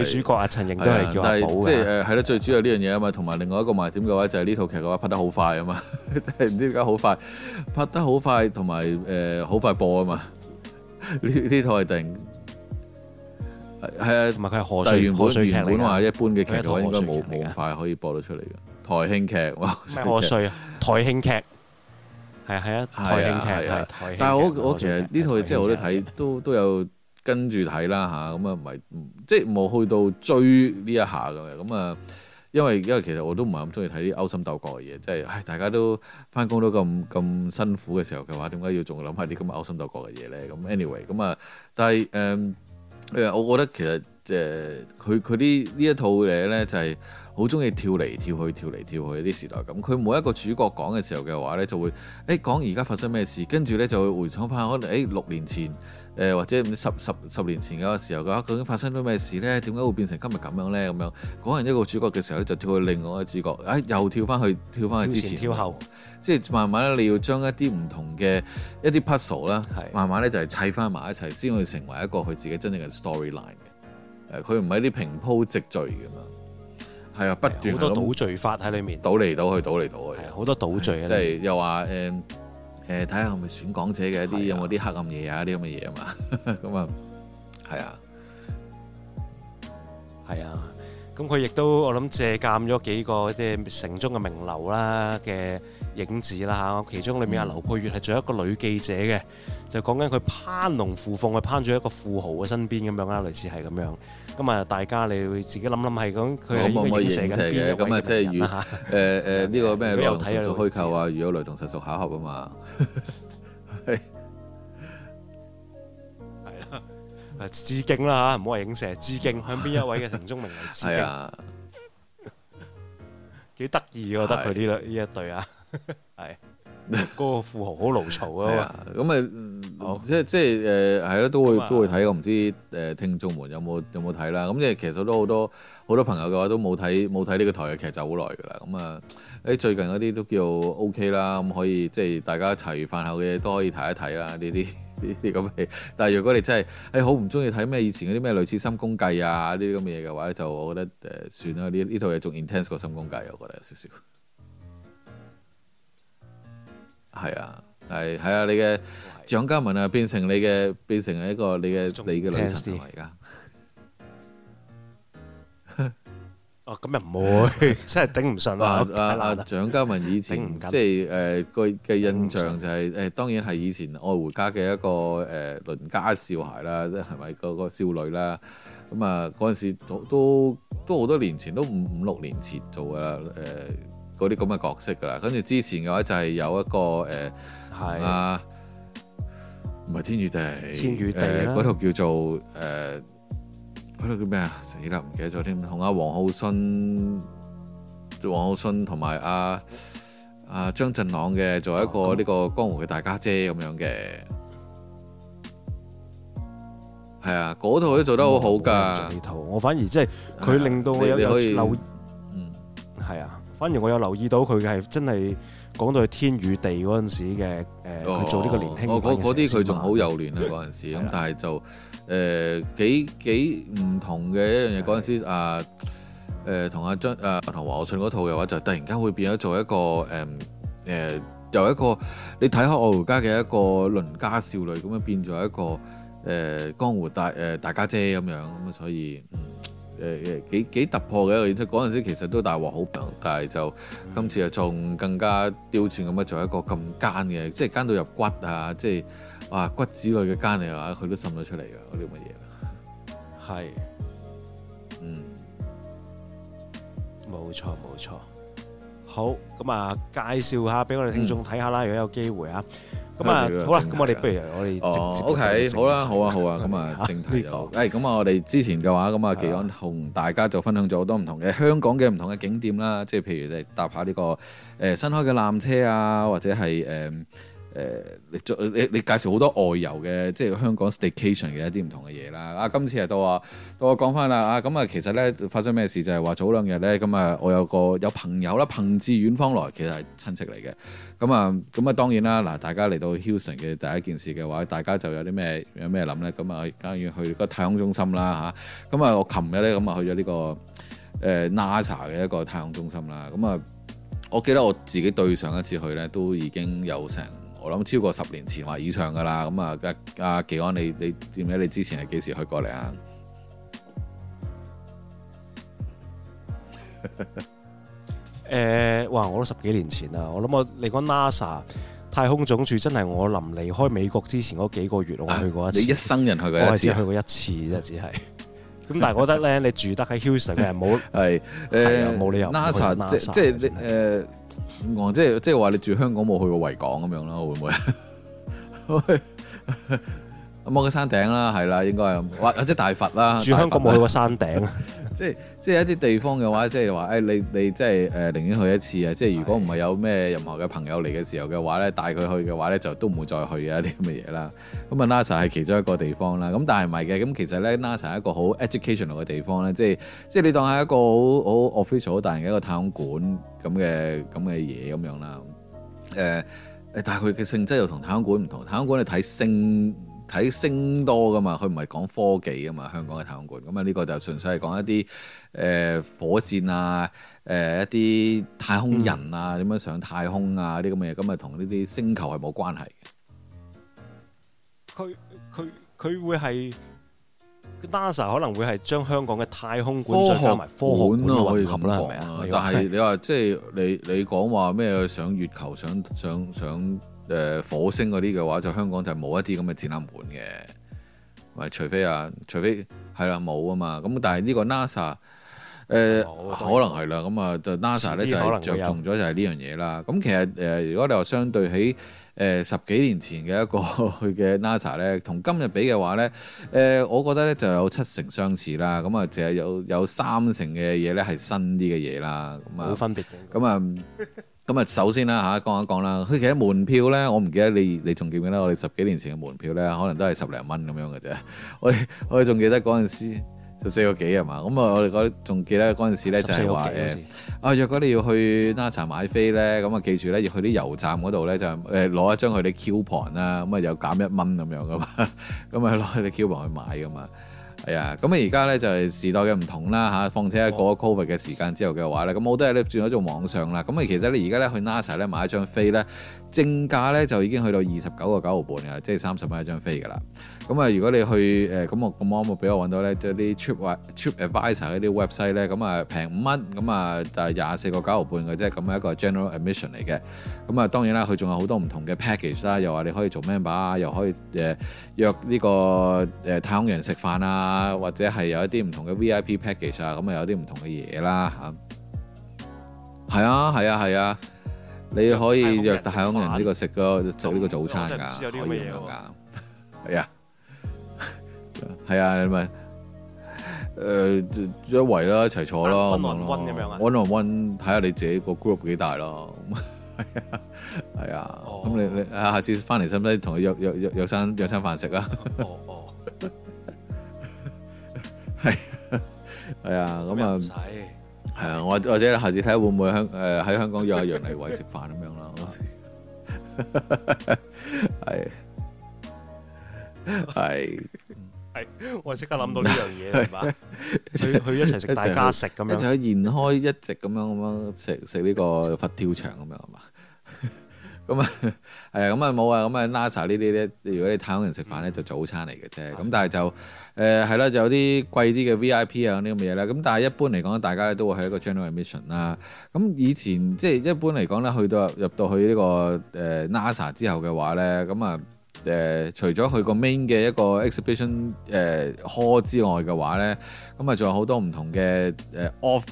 女主角阿陳盈都係叫阿寶嘅，哎。即係誒，係、呃、啦，最主要呢樣嘢啊嘛，同埋另外一個賣點嘅話，就係、是、呢套劇嘅話拍得好快啊嘛，即係唔知點解好快，拍得好快，同埋誒好快播啊嘛，呢套都係定。 係啊，唔係佢係賀歲。但係原本原本話一般嘅劇台應該冇冇咁快可以播到出嚟嘅。台慶劇，哇！咩賀歲 啊，啊？台慶劇，係啊係啊，啊台慶劇但係我我其實呢套嘢即係我都睇，都都有跟住睇啦吓，咁啊唔係、嗯，即係冇去到追呢一下嘅。咁、嗯、啊，嗯、因為因為其實我都唔係咁中意睇啲勾心鬥角嘅嘢。即、就、係、是、大家都翻工都咁咁辛苦嘅時候，嘅話點解要仲諗下啲咁嘅勾心鬥角嘅嘢咧？咁 anyway，咁、嗯、啊，但係誒。嗯誒，我覺得其實誒，佢佢啲呢一套嘢呢，就係好中意跳嚟跳去，跳嚟跳去啲時代感。佢每一個主角講嘅時候嘅話、欸、呢，就會誒講而家發生咩事，跟住呢就會回想返，可能誒六年前。誒或者十十十年前嘅時候嘅，究竟發生咗咩事咧？點解會變成今日咁樣咧？咁樣講完一個主角嘅時候咧，就跳去另外一個主角，誒、啊、又跳翻去跳翻去之前，跳前跳後，即係慢慢咧，你要將一啲唔同嘅一啲 puzzle 咧，慢慢咧就係砌翻埋一齊，先可以成為一個佢自己真正嘅 storyline 嘅。誒、啊，佢唔係啲平鋪直敍咁樣，係啊，不斷好多倒敘法喺裏面，倒嚟倒去，倒嚟倒去，好、啊、多倒敘、啊，即係、啊就是、又話誒。呃誒，睇下係咪選港者嘅啲、啊、有冇啲黑暗嘢啊，啲咁嘅嘢啊嘛，咁 啊，係啊，係啊，咁佢亦都我諗借鑒咗幾個即係城中嘅名流啦嘅。影子啦嚇，其中裏面阿劉佩玥係做一個女記者嘅，就講緊佢攀龍附鳳，係攀住一個富豪嘅身邊咁樣啦，類似係咁樣。咁啊，大家你會自己諗諗係咁，佢可唔可以影射嘅？咁啊，即係與誒誒呢個咩流言做虛構啊？如果有雷同，實屬巧合啊嘛。係 啦，致敬啦嚇，唔好話影射，致敬向邊一位嘅城中名人致敬？係幾得意啊！我覺得佢呢呢一對啊。係，嗰個富豪好牢騷啊咁啊，嗯、 即係即係誒，係、呃、咯，都會都會睇，我唔知誒聽眾們有冇有冇睇啦。咁即係其實都好多好多朋友嘅話都冇睇冇睇呢個台嘅劇就好耐噶啦。咁、嗯、啊，啲、哎、最近嗰啲都叫 OK 啦，咁、嗯、可以即係大家茶餘飯後嘅嘢都可以睇一睇啦。呢啲呢啲咁嘅，但係如果你真係誒好唔中意睇咩以前嗰啲咩類似深、啊《深宮計》啊呢啲咁嘅嘢嘅話咧，就我覺得誒、呃、算啦，呢呢套嘢仲 intense 過《深宮計》，我覺得有少少。係啊，係係啊，你嘅蔣家文啊，變成你嘅變成一個你嘅你嘅女神嚟、啊、而 哦咁又唔會， 真係頂唔順啊啊啊！啊蔣家文以前即係誒個嘅印象就係、是、誒，嗯、當然係以前愛回家嘅一個誒、呃、鄰家少孩啦，即係咪個少女啦？咁啊嗰陣時都都好多年前，都五五六年前做嘅誒。六嗰啲咁嘅角色噶啦，跟住之前嘅話就係有一個誒，阿唔係天與地，天與地嗰、啊、套、呃、叫做誒，嗰、呃、套叫咩啊？死啦，唔記得咗添。同阿王浩信、王浩信同埋阿阿張振朗嘅做一個呢、哦這個江湖嘅大家姐咁樣嘅，係、哦、啊，嗰套都做得好好噶。呢套我反而即係佢令到我有有留意，嗯，係啊。反而我有留意到佢嘅係真係講到去天與地嗰陣時嘅，佢、哦、做呢個年輕人、哦。嗰啲佢仲好幼嫩啦嗰陣時，咁但係就誒幾幾唔同嘅一樣嘢嗰陣時啊，誒、呃、同阿張誒同黃傲信嗰套嘅話，就突然間會變咗做一個誒誒、呃呃、由一個你睇《開愛回家》嘅一個鄰家少女咁樣變咗一個誒、呃、江湖大誒、呃、大家姐咁樣咁啊，所以、嗯誒誒幾幾突破嘅一個演出，嗰陣時其實都大鑊好平，但係就、嗯、今次又仲更加刁轉咁樣做一個咁奸嘅，即係奸到入骨啊！即係哇、啊、骨子內嘅奸嚟啊，佢都滲咗出嚟㗎嗰啲咁嘅嘢啦，係，是嗯，冇錯冇錯。好，咁啊，介紹下俾我哋聽眾睇下啦，嗯、如果有機會、嗯、啊，咁啊，好啦，咁我哋不如我哋直接。啊啊、o、okay, k 好啦、啊，好啊，好啊，咁 啊，正題講，咁啊，我哋之前嘅話，咁啊，奇安同大家就分享咗好多唔同嘅香港嘅唔同嘅景點啦，即係譬如你搭下呢、這個誒、呃、新開嘅纜車啊，或者係誒。呃誒、呃，你你你介紹好多外遊嘅，即係香港 staycation 嘅一啲唔同嘅嘢啦。啊，今次嚟到話，到我講翻啦啊，咁啊，其實咧發生咩事就係、是、話早兩日咧，咁、嗯、啊，我有個有朋友啦，朋自遠方來，其實係親戚嚟嘅。咁、嗯、啊、咁、嗯、啊、嗯，當然啦，嗱，大家嚟到 Houston 嘅第一件事嘅話，大家就有啲咩有咩諗咧？咁、嗯、啊，我當然要去個太空中心啦嚇。咁啊，嗯、我琴日咧咁啊去咗呢、這個誒、呃、NASA 嘅一個太空中心啦。咁、嗯、啊、嗯，我記得我自己對上一次去咧都已經有成。我諗超過十年前或以上噶啦，咁啊，阿、啊、技安，你你點咧？你之前係幾時去過嚟啊？誒、欸，哇！我都十幾年前啦，我諗我你講 NASA 太空總署真係我臨離開美國之前嗰幾個月，我去過一次。啊、你一生人去過一次，我只去過一次啫，啊、只係。咁但係我覺得咧， 你住得喺 Houston 嘅人冇係誒，冇是理由、欸、NASA 即即誒。你啊點、嗯、即係即係話你住香港冇去過維港咁樣啦，會唔會？ 望個山頂啦，係啦，應該係，或或者大佛啦。 住香港冇去過山頂，即係即係一啲地方嘅話，即係話，誒、哎，你你即係誒，寧願去一次啊！即係如果唔係有咩任何嘅朋友嚟嘅時候嘅話咧，帶佢去嘅話咧，就都唔會再去嘅、啊。一啲咁嘅嘢啦。咁啊，NASA 係其中一個地方啦。咁但係唔係嘅，咁其實咧，NASA 係一個好 educational 嘅地方咧，即係即係你當係一個好好 official 大型嘅一個太空館咁嘅咁嘅嘢咁樣啦。誒、呃、誒，但係佢嘅性質又同太空館唔同。太空館你睇星。睇星多噶嘛，佢唔係講科技噶嘛，香港嘅太空館。咁啊呢個就純粹係講一啲誒、呃、火箭啊、誒、呃、一啲太空人啊點樣上太空啊啲咁嘅嘢，咁啊同呢啲星球係冇關係嘅。佢佢佢會係，NASA 可能會係將香港嘅太空館再加埋科學館、啊、科學館可以混合啦，係咪啊？但係你話即係你你講話咩上月球上上上？誒火星嗰啲嘅話，就香港就冇一啲咁嘅展覽館嘅，咪除非啊，除非係啦冇啊嘛。咁但係呢個 NASA 誒、呃哦、可能係啦，咁啊 NASA 咧就着重咗就係呢樣嘢啦。咁其實誒、呃，如果你話相對起，誒、呃、十幾年前嘅一個去嘅 NASA 咧，同 今日比嘅話咧，誒、呃、我覺得咧就有七成相似啦。咁啊，就係有有三成嘅嘢咧係新啲嘅嘢啦。冇分別嘅。咁啊、嗯。嗯 咁啊，首先啦嚇，講一講啦。佢其實門票咧，我唔記得你你仲記唔記得？記記得我哋十幾年前嘅門票咧，可能都係十零蚊咁樣嘅啫。我我哋仲記得嗰陣時就十四個幾吖嘛。咁啊，我哋嗰仲記得嗰陣時咧就係話誒，啊若果你要去 NASA 買飛咧，咁啊記住咧，要去啲油站嗰度咧就誒、係、攞一張佢哋 coupon 啊，咁啊又減一蚊咁樣噶嘛，咁啊攞佢哋 coupon 去買噶嘛。係啊，咁啊而家咧就係時代嘅唔同啦嚇，況且喺過咗 COVID 嘅時間之後嘅話咧，咁、oh. 我都嘢咧轉咗做網上啦。咁啊其實你而家咧去 NASA 咧買一張飛咧，正價咧就已經去到二十九個九毫半啊，即係三十蚊一張飛㗎啦。咁啊、嗯，如果你去誒，咁、嗯、咁啱俾我揾到咧，即係啲 trip trip advisor 啲 website 咧、嗯，咁啊平五蚊，咁、嗯、啊就廿四個九毫半嘅啫，咁、嗯、樣一個 general admission 嚟嘅。咁、嗯、啊，當然啦，佢仲有好多唔同嘅 package 啦，又話你可以做 member 以、呃這個呃、age, 啊，又可以誒約呢個誒太空人食飯啊，或者係有一啲唔同嘅 VIP package 啊，咁啊有啲唔同嘅嘢啦嚇。係啊，係啊，係啊，啊，你可以太空約太空人呢、這個食個食呢個早餐㗎，可以咁樣㗎，啊。 係啊，你咪、yeah, ını，誒，一圍啦，一齊坐咯，咁樣咯，溫溫，睇下你自己個 group 幾大咯，係啊，咁你你下次翻嚟使唔使同佢約約約餐約餐飯食啊？哦哦，係係啊，咁啊，係啊，我或者下次睇下會唔會香誒喺香港約阿楊麗偉食飯咁樣啦，係係。係， 我即刻諗到呢樣嘢係嘛？去 一齊食，大家食咁樣一，一齊去延開一直咁樣咁樣食食呢個佛跳牆咁樣係嘛？咁啊誒咁啊冇啊咁啊 NASA 呢啲咧，如果你太空人食飯咧就是、早餐嚟嘅啫。咁 但係就誒係啦，就、呃、有啲貴啲嘅 VIP 啊呢咁嘅嘢啦。咁但係一般嚟講，大家咧都會係一個 general admission 啦。咁以前即係一般嚟講咧，去到入到去呢個誒 NASA 之後嘅話咧，咁啊～誒、呃，除咗佢個 main 嘅一個 exhibition 誒、呃、hall 之外嘅話咧，咁啊仲有好多唔同嘅誒、呃、off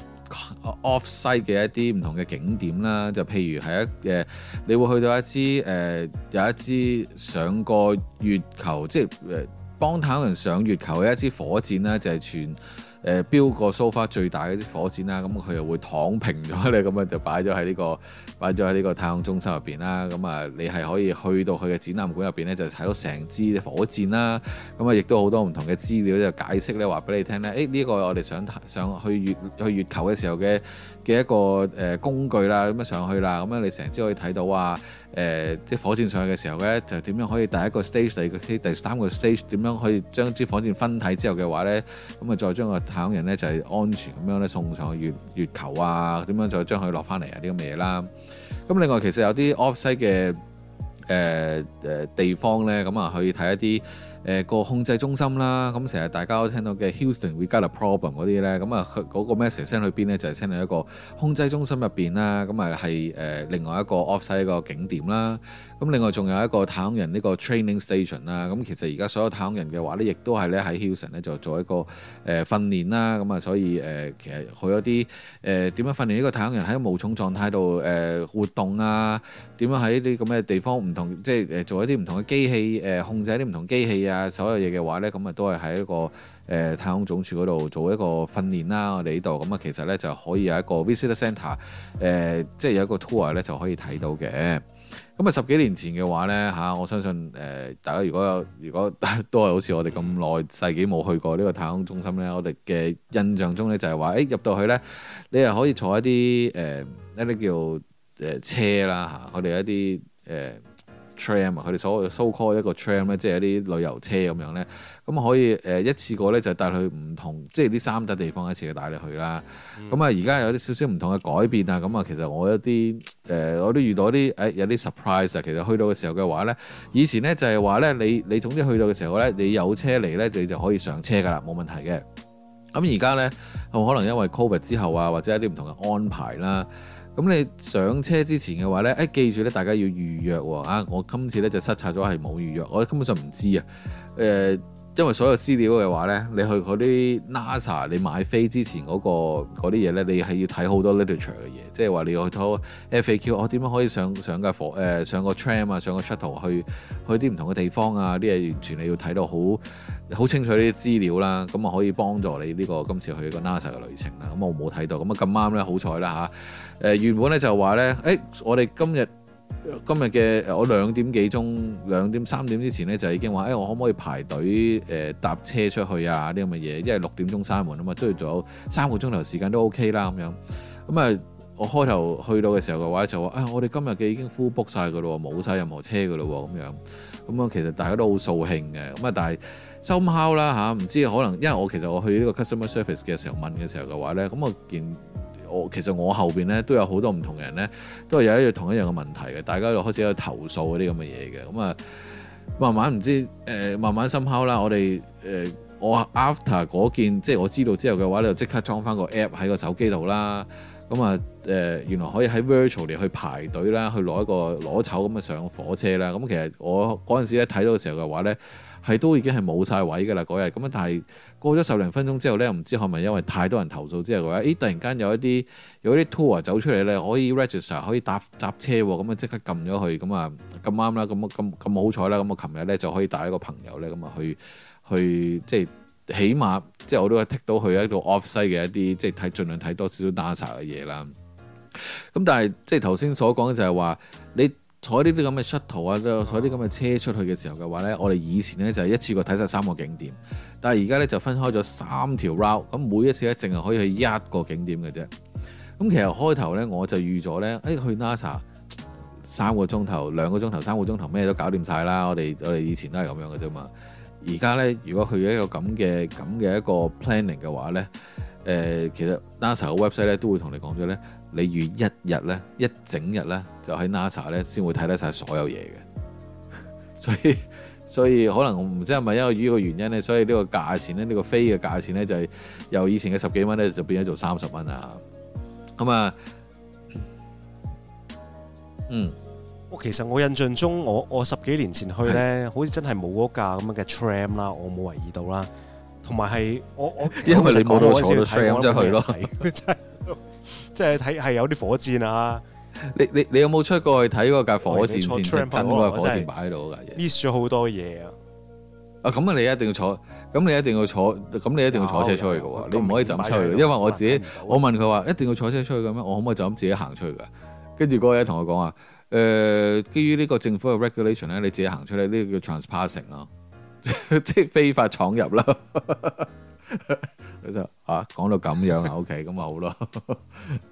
off site 嘅一啲唔同嘅景點啦，就譬如係一誒、呃，你會去到一支誒、呃，有一支上過月球，即係誒幫太空人上月球嘅一支火箭啦，就係、是、全誒標、呃、個 so far 最大嘅一支火箭啦，咁、嗯、佢又會躺平咗咧，咁啊就擺咗喺呢個。擺咗喺呢個太空中心入邊啦，咁啊，你係可以去到佢嘅展覽館入邊呢，就睇到成支火箭啦，咁啊，亦都好多唔同嘅資料就解釋咧話俾你聽呢。誒，呢個我哋想上去月去月球嘅時候嘅嘅一個誒工具啦，咁啊上去啦，咁啊你成支可以睇到啊。誒，即、呃、火箭上去嘅時候呢，就點樣可以第一個 stage 第二個 stage，第三個 stage 點樣可以將啲火箭分體之後嘅話呢？咁、嗯、啊再將個太空人呢，就係、是、安全咁樣咧送上月月球啊？點樣再將佢落翻嚟啊？啲咁嘅嘢啦。咁、嗯、另外其實有啲 offsite 嘅誒誒、呃呃、地方呢，咁啊可以睇一啲。誒個控制中心啦，咁成日大家都聽到嘅 Houston we got a problem 嗰啲呢，咁啊佢嗰個 message send 去邊呢？就係 send 去一個控制中心入邊啦，咁啊係誒另外一個 office 一個景點啦。咁另外仲有一個太空人呢個 training station 啦、啊。咁其實而家所有太空人嘅話呢，亦都係呢喺 Houston 呢就做一個誒、呃、訓練啦。咁啊，所以誒、呃、其實佢有啲誒點樣訓練呢個太空人喺無重狀態度誒、呃、活動啊，點樣喺啲咁嘅地方唔同，即係做一啲唔同嘅機器誒、呃、控制一啲唔同機器啊，所有嘢嘅話呢，咁啊都係喺一個誒、呃、太空總署嗰度做一個訓練啦。我哋呢度咁啊，其實呢就可以有一個 visitor centre 誒、呃，即係有一個 tour 呢就可以睇到嘅。咁啊，十幾年前嘅話呢，嚇，我相信誒，大家如果有，如果都係好似我哋咁耐世紀冇去過呢個太空中心呢，我哋嘅印象中呢，就係話，誒入到去呢，你又可以坐一啲誒、呃、一啲叫誒、呃、車啦嚇、啊，我哋一啲誒。呃 tram 啊，佢哋所謂 so call 一個 tram 咧，即係啲旅遊車咁樣咧，咁可以誒一次過咧就帶去唔同，即係呢三笪地方一次就帶你去啦。咁啊，而家有啲少少唔同嘅改變啊，咁啊，其實我有啲誒，我都遇到啲誒有啲 surprise 啊。其實去到嘅時候嘅話咧，以前咧就係話咧，你你總之去到嘅時候咧，你有車嚟咧，你就可以上車㗎啦，冇問題嘅。咁而家咧，可能因為 covid 之後啊，或者一啲唔同嘅安排啦。咁你上車之前嘅話呢，誒、哎、記住咧，大家要預約喎啊！我今次呢就失策咗，係冇預約，我根本就唔知啊。誒、呃，因為所有資料嘅話 A,、那個、呢，你去嗰啲 NASA，你買飛之前嗰個嗰啲嘢呢，你係要睇好多 literature 嘅嘢，即係話你要去多 FAQ，我、啊、點樣可以上上架火誒上個，、呃、個 tram 啊，上個 shuttle 去去啲唔同嘅地方啊，啲嘢完全你要睇到好好清楚呢啲資料啦。咁啊，可以幫助你呢、呢個今次去個 NASA 嘅旅程啦。咁我冇睇到，咁啊咁啱呢，好彩啦嚇！誒、呃、原本咧就話咧，誒、欸、我哋今日今日嘅我兩點幾鐘、兩點三點之前呢，就已經話，誒、欸、我可唔可以排隊誒、呃、搭車出去啊？啲咁嘅嘢，因為六點鐘閂門啊嘛，即係仲有三個鐘頭時，時間都 OK 啦咁樣。咁、嗯、啊，我開頭去到嘅時候嘅話就話啊、欸，我哋今日嘅已經 full book 晒嘅咯，冇晒任何車嘅咯喎咁樣。咁、嗯、啊，其實大家都好掃興嘅。咁啊，但係 somehow 啦吓，唔知可能因為我其實我去呢個 customer service 嘅時候問嘅時候嘅話咧，咁、嗯、我見。我其實我後邊咧都有好多唔同人咧，都係有一樣同一樣嘅問題嘅，大家又開始喺度投訴嗰啲咁嘅嘢嘅，咁、嗯、啊，慢慢唔知誒、呃、慢慢深敲啦，我哋誒、呃、我 after 嗰件即係我知道之後嘅話你就即刻裝翻個 app 喺個手機度啦，咁啊，誒原來可以喺 virtual 嚟去排隊啦，去攞一個攞籌咁啊上火車啦，咁、嗯、其實我嗰陣時咧睇到嘅時候嘅話咧。係都已經係冇晒位嘅啦，嗰日咁啊！但係過咗十零分鐘之後咧，唔知係咪因為太多人投訴之後嘅話，咦，突然間有一啲有啲 tour 走出嚟咧，可以 register 可以搭搭車喎、哦，咁啊即刻撳咗佢。咁啊咁啱啦，咁咁咁好彩啦，咁我琴日咧就可以帶一個朋友咧，咁啊去去即係、就是、起碼即係我都係 take 到佢一個 offsite 嘅一啲即係睇盡量睇多少少 data 嘅嘢啦。咁但係即係頭先所講就係話你。坐呢啲咁嘅 shuttle 啊，坐呢啲咁嘅車出去嘅時候嘅話呢，我哋以前呢就係一次過睇晒三個景點，但係而家呢就分開咗三條 route，咁每一次呢，淨係可以去一個景點嘅啫。咁其實開頭呢，我就預咗呢：欸「誒去 NASA 三個鐘頭、兩個鐘頭、三個鐘頭咩都搞掂晒啦。我哋我哋以前都係咁樣嘅啫嘛。而家呢，如果去咗一個咁嘅咁嘅一個 planning 嘅話呢，誒、呃、其實 NASA 嘅 website 呢都會同你講咗呢。你月一日咧，一整日咧，就喺 NASA 咧，先會睇得晒所有嘢嘅。所以，所以可能我唔知係咪因為呢個原因咧，所以呢個價錢咧，呢、呢個飛嘅價錢咧，就係由以前嘅十幾蚊咧，就變咗做三十蚊啦。咁啊，嗯，我其實我印象中，我我十幾年前去咧，的好似真係冇嗰架咁樣嘅 tram 啦，我冇留意到啦。同埋係我我，因為你冇到坐去咯，即係睇係有啲火箭啊！你你你有冇出過去睇嗰架火箭先？真個火箭擺喺度噶？miss 咗好多嘢啊！啊咁啊！你一定要坐，咁你一定要坐，咁你一定要坐車出去噶喎！你唔可以就咁出去，因為我自己我問佢話一定要坐車出去噶咩？我可唔可以就咁自己行出去噶？跟住嗰個人同我講啊，誒、呃，基於呢個政府嘅 regulation 咧，你自己行出嚟呢、這個叫 transpassing 咯， 即係非法闖入啦。 佢 就吓講到咁樣 OK，咁咪好咯，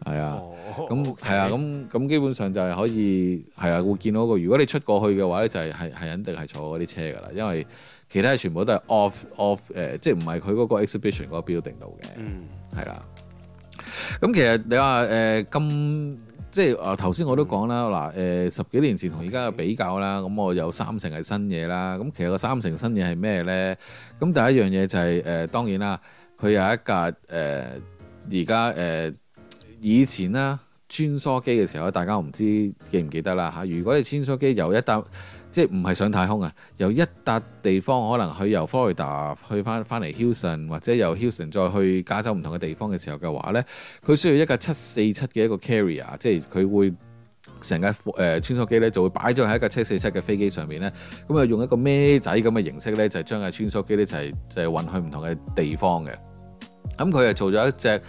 係啊，咁係、 okay, 啊，咁咁、oh, okay. 基本上就係可以係啊，會見到、那個，如果你出過去嘅話咧、就是，就係係係肯定係坐嗰啲車噶啦，因為其他全部都係 off off 誒、呃，即係唔係佢嗰個 exhibition 嗰、那個 building 度嘅，嗯、mm. 啊，係啦，咁其實你話誒咁。呃即係啊，頭先我都講啦，嗱、呃，誒十幾年前同而家嘅比較啦，咁、嗯、我有三成係新嘢啦。咁、嗯、其實個三成新嘢係咩呢？咁、嗯、第一樣嘢就係、是、誒、呃，當然啦，佢有一架誒而家誒以前啦，穿梭機嘅時候，大家唔知記唔記得啦嚇、啊。如果你穿梭機有一搭，即係唔係上太空啊？由一笪地方可能佢由 Florida 去翻翻嚟休斯頓或者由休斯頓再去加州唔同嘅地方嘅時候嘅話呢，佢需要一架七四七嘅一個 carrier，即係佢會成架誒穿梭機呢就會擺咗喺一架七四七嘅飛機上面。呢咁啊，用一個孭仔咁嘅形式呢，就將個穿梭機呢就係就係運去唔同嘅地方嘅。咁佢係做咗一隻。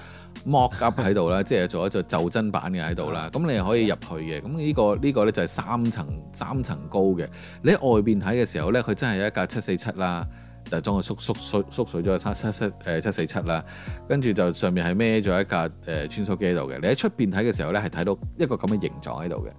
剝急喺度啦，即係做一隻袖珍版嘅喺度啦，咁你可以入去嘅。咁呢、呢個呢、呢個呢，就係三層三層高嘅。你喺外邊睇嘅時候呢，佢真係有一架七四七啦。就裝個縮縮縮縮水咗七七七誒七四七啦，跟住就上面係孭咗一架誒、呃、穿梭機喺度嘅。你喺出邊睇嘅時候呢，係睇到一個咁嘅形狀喺度嘅。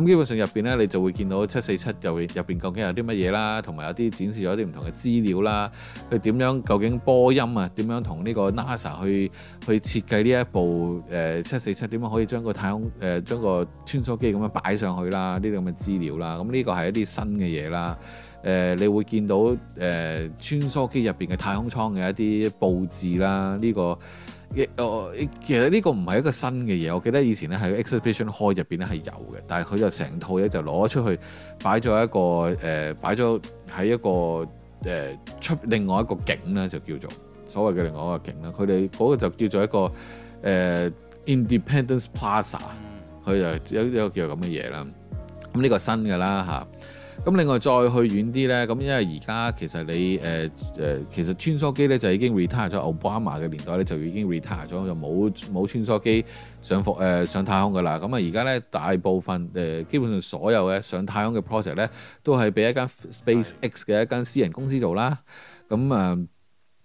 咁基本上入邊呢，你就會見到七四七入入邊究竟有啲乜嘢啦，同埋有啲展示咗啲唔同嘅資料啦。佢點樣究竟波音啊？點樣同呢個 NASA 去去設計呢一部誒、呃、七四七？點樣可以將個太空誒將、呃、個穿梭機咁樣擺上去啦？呢啲咁嘅資料啦。咁呢個係一啲新嘅嘢啦。誒、呃，你會見到誒、呃、穿梭機入邊嘅太空艙嘅一啲佈置啦，呢、這個亦哦、呃，其實呢個唔係一個新嘅嘢。我記得以前咧係 exhibition 開入邊咧係有嘅，但係佢就成套嘢就攞咗出去，擺咗一個誒，擺咗喺一個誒、呃、出另外一個景咧，就叫做所謂嘅另外一個景啦。佢哋嗰個就叫做一個誒、呃、Independence Plaza，佢就有一、嗯這個叫做咁嘅嘢啦。咁呢個新㗎啦嚇。咁另外再去遠啲呢，咁因為而家其實你誒誒、呃，其實穿梭機呢，就已經 retire 咗，Obama 嘅年代呢，就已經 retire 咗，就冇冇穿梭機上服、呃、上太空嘅啦。咁啊，而家呢，大部分誒、呃、基本上所有嘅上太空嘅 project 呢，都係俾一間 SpaceX 嘅一間私人公司做啦。咁、嗯、啊。呃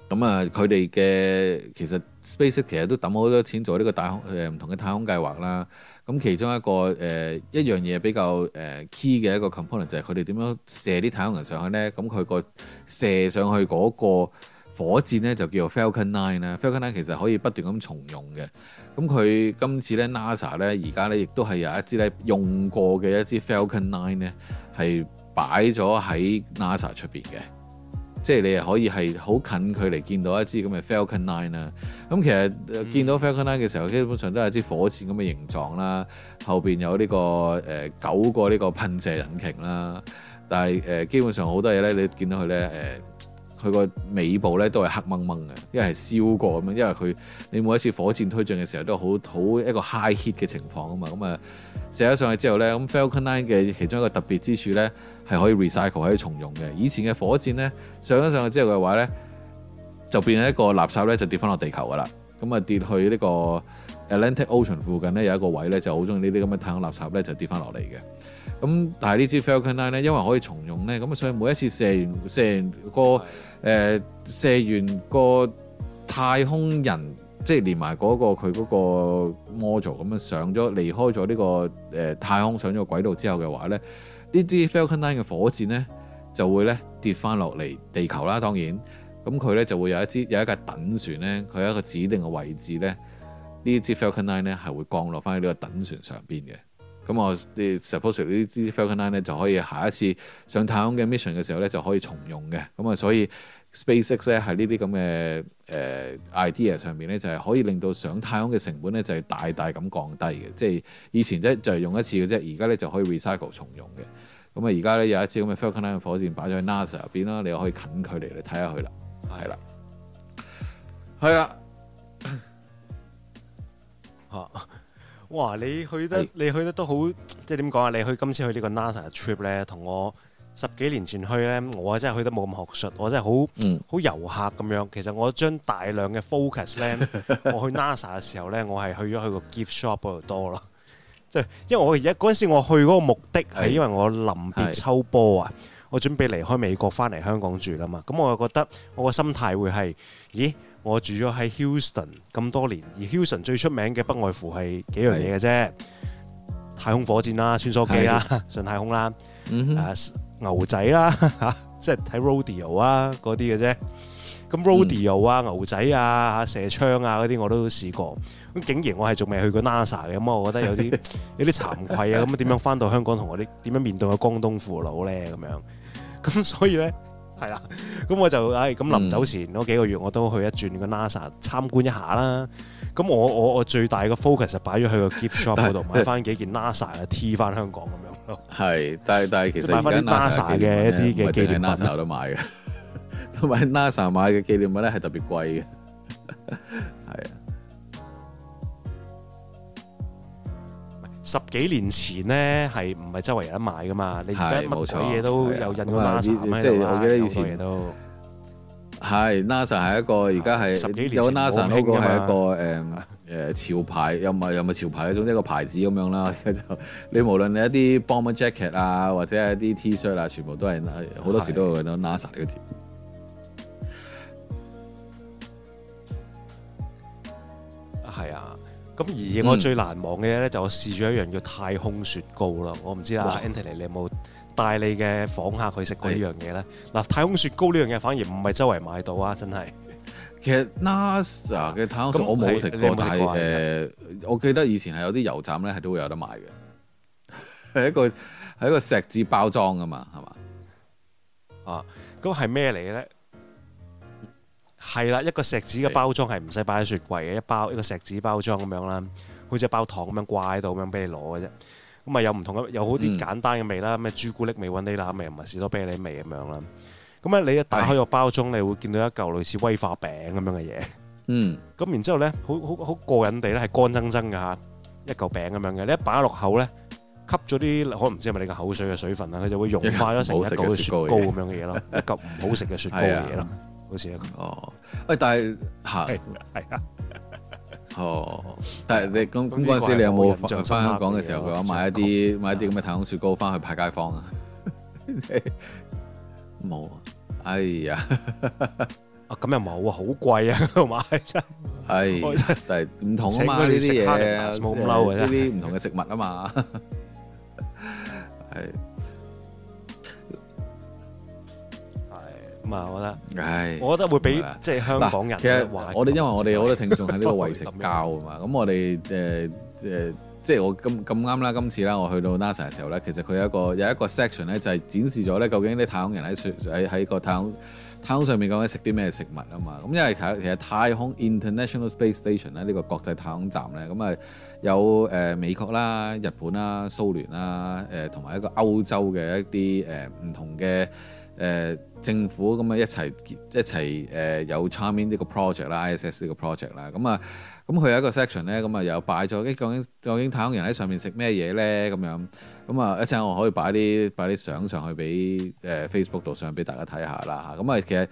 咁啊，佢哋嘅其實 SpaceX 其實都揼好多錢做呢個太空誒唔、呃、同嘅太空計劃啦。咁、嗯、其中一個誒、呃、一樣嘢比較誒 key 嘅一個 component 就係佢哋點樣射啲太空人上去呢？咁佢個射上去嗰個火箭呢，就叫做 Falcon 9、啊、Falcon Nine 啦。Falcon Nine 其實可以不斷咁重用嘅。咁、嗯、佢今次呢 NASA 呢，而家呢亦都係有一支呢，用過嘅一支 Falcon Nine 呢係擺咗喺 NASA 出邊嘅。即係你又可以係好近距離見到一支咁嘅 Falcon 9啊！咁其實見到 Falcon 9嘅時候，基本上都係支火箭咁嘅形狀啦，後邊有呢、這個誒九、呃、個呢個噴射引擎啦，但係誒、呃、基本上好多嘢咧，你見到佢咧誒。呃佢個尾部咧都係黑濛濛嘅，因為係燒過咁樣，因為佢你每一次火箭推進嘅時候都好好一個 high heat 嘅情況啊嘛，咁、嗯、啊射咗上去之後咧，咁 Falcon Nine 嘅其中一個特別之處咧係可以 recycle，可以重用嘅。以前嘅火箭咧上咗上去之後嘅話咧，就變成一個垃圾咧，就跌翻落地球噶啦。咁、嗯、啊跌去呢個 Atlantic Ocean 附近咧有一個位咧就好中意呢啲咁嘅太空垃圾咧就跌翻落嚟嘅。咁、嗯、但係呢支 Falcon Nine 咧因為可以重用咧，咁、嗯、啊所以每一次射完射完個誒、呃、射完個太空人，即係連埋嗰、那個佢嗰個模組咁樣上咗，離開咗呢、這個誒、呃、太空上咗個軌道之後嘅話咧，呢支 Falcon Nine 嘅火箭咧就會咧跌翻落嚟地球啦。當然咁佢咧就會有一支有一架等船咧，佢有一個指定嘅位置咧，呢支 Falcon Nine 咧係會降落翻去呢個等船上邊嘅。咁我你 suppose 呢啲 Falcon 9咧就可以下一次上太空嘅 mission 嘅時候咧就可以重用嘅。咁啊，所以 SpaceX 咧喺呢啲咁嘅誒、呃、idea 上面咧就係可以令到上太空嘅成本咧就係大大咁降低嘅。即係以前即就係用一次嘅啫，而家咧就可以 recycle 重用嘅。咁啊，而家咧有一次咁嘅 Falcon 9火箭擺咗喺 NASA 入邊啦，你又可以近距離嚟睇下佢啦。係啦，係啦，嚇。哇！你去得你去得都好，即係點講啊？你去今次去呢個 NASA trip 咧，同我十幾年前去咧，我真係去得冇咁學術，我真係好、嗯、好遊客咁樣。其實我將大量嘅 focus 咧，我去 NASA 嘅時候咧，我係去咗去個 gift shop 嗰度多咯。即係因為我而家嗰陣時我去嗰個目的係因為我臨別秋波啊，的我準備離開美國翻嚟香港住啦嘛。咁我又覺得我個心態會係，咦？我住咗喺 Houston 咁多年，而 Houston 最出名嘅不外乎係幾樣嘢嘅啫，的太空火箭啦、穿梭機啦、的上太空啦、嗯哼啊，啊牛仔啦，即係睇 rodeo 啊嗰啲嘅啫。咁 rodeo 啊、啊嗯、牛仔啊、射槍啊嗰啲我都試過。咁竟然我係仲未去過 NASA 嘅，咁我覺得有啲 有啲慚愧啊。咁啊點樣翻到香港同我啲點樣面對我江東父老咧？咁樣咁所以咧。係啦，咁我就唉，咁、哎、臨走前嗰、嗯、幾個月我都去一轉個 NASA 參觀一下啦。咁我我我最大嘅 focus 擺咗去個 gift shop 度是買翻幾件 NASA 嘅 T 翻香港咁樣咯。係，但係但係其實買翻啲 NASA 嘅一啲嘅紀念品，喺樓度買嘅， 同埋 NASA 買嘅紀念品咧係特別貴嘅，係 啊。十幾年前咧，係唔係周圍有得買噶嘛？你而家乜鬼嘢都有印個 NASA 喺度賣。即係我記得以前都係 NASA 係一個，而家係有 NASA 呢個係一個誒誒潮牌，又唔係又唔係潮牌，總之一個牌子咁樣啦。就 你無論你一啲 Bomber Jacket 啊，或者一啲 T-shirt 啊，全部都係好多時都會揾到 NASA 呢個字。咁、嗯、而我最難忘嘅咧，就我試咗一樣叫太空雪糕啦。我唔知啊 Antony 你有冇帶你嘅訪客去食過呢樣嘢咧？嗱、欸，太空雪糕呢樣嘢反而唔係周圍買到啊，真係。其實 NASA 嘅太空雪糕我冇食過，但係、誒，我記得以前係有啲油站咧係都會有得賣嘅，係 一個係一個錫紙包裝噶嘛，係嘛？啊，咁係咩嚟嘅咧？係啦，一個錫紙嘅包裝係唔使擺喺雪櫃嘅，一包一個錫紙包裝咁樣啦，好似包糖咁樣掛喺度咁樣俾你攞嘅啫。咁啊有唔同嘅，有好啲簡單嘅味啦，咩朱古力味、雲呢拿味同埋士多啤梨味咁樣啦。咁啊你一打開個包裝，唉你會見到一嚿類似威化餅咁樣嘅嘢。嗯。咁然之後咧，好好好過癮地咧，係乾爭爭嘅吓，一嚿餅咁樣嘅。你一擺落口咧，吸咗啲可能唔知係咪你嘅口水嘅水分啦，佢就會溶化咗成一嚿雪糕咁樣嘅嘢咯，一嚿唔好食嘅雪糕嘅嘢咯。 好似啊！哦，喂，但係吓係啊，哦，但係你咁咁嗰陣時，你有冇翻翻香港嘅時候，佢話買一啲買一啲咁嘅太空雪糕翻去派街坊啊？冇，啊，哎呀，啊咁又冇啊，好貴啊，買真係，係但係唔同啊嘛，呢啲嘢冇咁嬲嘅，呢啲唔同嘅食物啊嘛，係。我覺得，我覺得會俾唉即係香港人。其實我哋說因為我哋好多聽眾喺呢個為食教啊嘛，咁 我哋誒誒，即係我咁咁啱啦，今次啦，我去到 NASA 嘅時候咧，其實佢有一個有一個 section 咧，就係展示咗咧，究竟啲太空人喺喺喺個太空太空上面究竟食啲咩食物啊嘛。咁因為其實其實太空 International Space Station 咧呢個國際太空站咧，咁、嗯、啊有誒、呃、美國啦、日本啦、蘇聯啦，誒同埋一個歐洲嘅一啲誒唔同嘅。誒、呃、政府咁啊，一齊一齊誒、呃、有參與呢個 project 啦 ISS 呢個 project 啦咁啊，咁佢有一個 section 咧，咁啊又擺咗，誒究竟究竟太空人喺上面食咩嘢咧，咁樣。咁啊一陣我可以擺啲擺啲相上去俾誒 Facebook 度上俾大家睇下啦嚇，咁啊其實。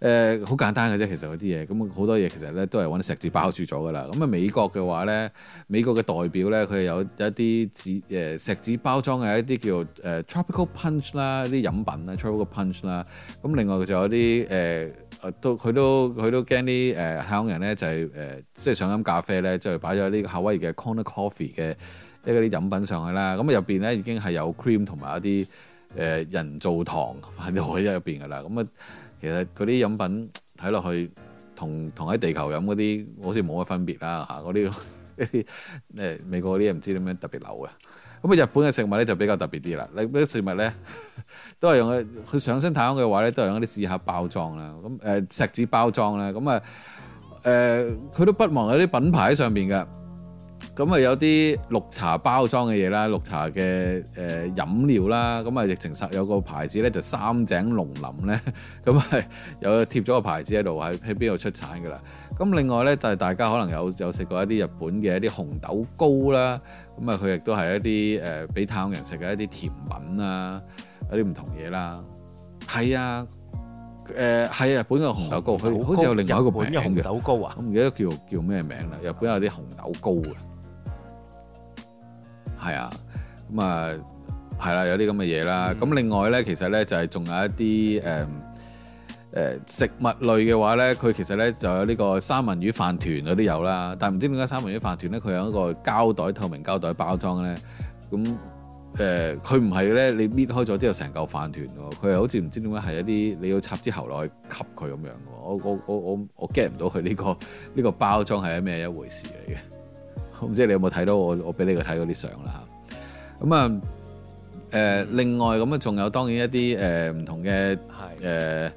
誒好簡單嘅啫，其實嗰啲嘢咁好多嘢，其實咧都係啲石紙包住咗㗎啦。咁啊，美國嘅話咧，美國嘅代表咧，佢有有一啲紙誒石紙包裝嘅一啲叫誒、呃、Tropical Punch 啦，啲飲品啦 Tropical Punch 啦。咁另外仲有啲誒，呃、都佢都佢都驚啲誒香港人咧就係誒即係想飲咖啡咧，就擺咗呢個夏威夷嘅 Kona Coffee 嘅一啲飲品上去啦。咁入邊咧已經係有 cream 同埋一啲誒、呃、人造糖喺度喺入邊㗎啦。咁啊～其實嗰啲飲品睇落去，同同喺地球飲嗰啲好似冇乜分別啦嚇，嗰啲一啲誒美國嗰啲唔知點樣特別流嘅。咁啊，日本嘅食物咧就比較特別啲啦，你啲食物咧都係用佢上身。太空嘅話咧都係用啲紙盒包裝啦，咁誒、呃、石紙包裝啦，咁啊誒佢都不忘有啲品牌喺上邊嘅。咁啊，有啲綠茶包裝嘅嘢啦，綠茶嘅誒飲料啦。咁啊，疫情實有個牌子咧，就是、三井農林咧，咁 係有貼咗個牌子喺度，喺喺邊度出產㗎啦。咁另外咧，就係、是、大家可能有有食過一啲日本嘅一啲紅豆糕啦。咁啊，佢亦都係一啲誒俾太空人食嘅一啲甜品啊，有啲唔同嘢啦。係啊，誒係日本嘅紅豆糕，佢、呃啊呃啊、好似有另外一個名嘅。日本紅豆糕啊，我唔記得叫叫咩名啦。日本有啲紅豆糕嘅。係啊，咁啊，係啦，有啲咁嘅嘢啦。咁另外咧，其實咧就係仲有一啲誒誒食物類嘅話咧，佢其實咧就有呢個三文魚飯團嗰啲有啦。但唔知點解三文魚飯團咧，佢有一個膠袋，透明膠袋包裝咧。咁誒，佢唔係咧，你搣開咗之後成嚿飯團喎。佢係好似唔知點解係一啲你要插支喉落去吸佢咁樣嘅。我我我我我 get 唔到佢呢個呢個包裝係咩一回事嚟嘅。唔知你有冇睇到我，我俾你個睇嗰啲相啦。咁啊，誒、嗯呃、另外咁啊，仲有當然一啲誒唔同嘅誒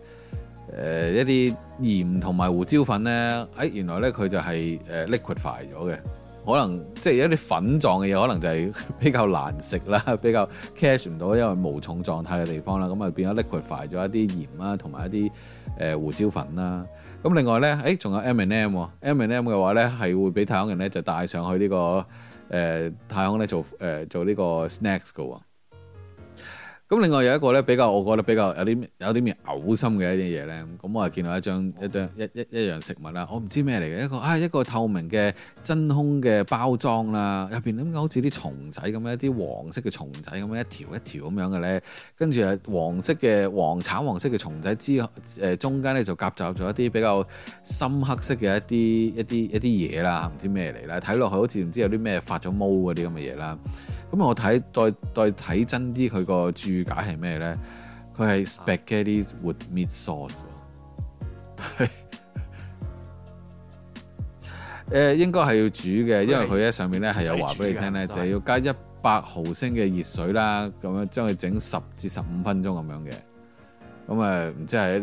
誒一啲鹽同埋胡椒粉咧，哎原來咧佢就係誒 liquefy 咗嘅。呃可能即係、就是、一啲粉狀嘅嘢，可能就係比較難食啦，比較 c a s h 唔到，因為無重狀態嘅地方啦，咁啊變咗 l i q u i d y 咗一啲鹽啦，同埋一啲誒、呃、胡椒粉啦。咁另外咧，誒、欸、仲有 M and M，M and M 嘅、哦、話咧係會俾太空人咧就帶上去呢、這個誒、呃、太空咧做誒、呃、做呢個 snacks 嘅咁另外有一個咧，比較我覺得比較有啲有啲面嘔心嘅一啲嘢咧，咁我係見到一張一張一一一,一樣食物啦，我唔知咩嚟嘅一個啊、哎、一個透明嘅真空嘅包裝啦，入邊點解好似啲蟲仔咁樣，一啲黃色嘅蟲仔咁樣一條一條咁樣嘅咧，跟住黃色嘅黃橙黃色嘅蟲仔之誒中間咧就夾雜咗一啲比較深黑色嘅一啲一啲一啲嘢啦，唔知咩嚟啦，睇落去好似唔知有啲咩發咗毛嗰啲咁嘅嘢啦。咁我睇再再睇真啲佢個注解係咩咧？佢係 spaghetti with meat sauce、 呃。誒應該係要煮嘅，對因為佢喺上面咧係有話俾你聽咧，就係要加一百毫升嘅熱水啦，咁樣將佢整十至十五分鐘咁樣嘅。咁誒唔知係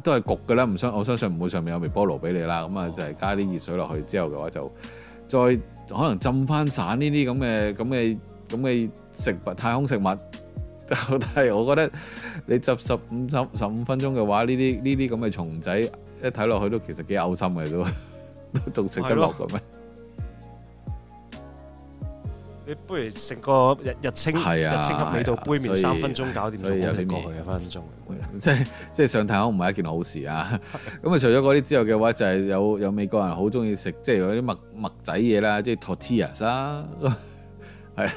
都係焗嘅啦，唔相我相信唔會上面有微波爐俾你啦。咁啊就係加啲熱水落去之後嘅話，就再可能浸翻散呢啲咁嘅咁嘅。咁你食物太空食物但係，我覺得你集十五十十五分鐘嘅話，呢啲呢啲咁嘅蟲仔一睇落去都其實幾嘔心嘅都，都仲食得落咁咩？你不如食個日日清，係呀，日清喺度杯麵，三分鐘搞掂就過咗去，一分鐘。即係即係上太空唔係一件好事啊！咁啊，除咗嗰啲之後嘅話，就係有有美國人好中意食，即係有啲麥麥仔嘢啦，即係 tortillas。係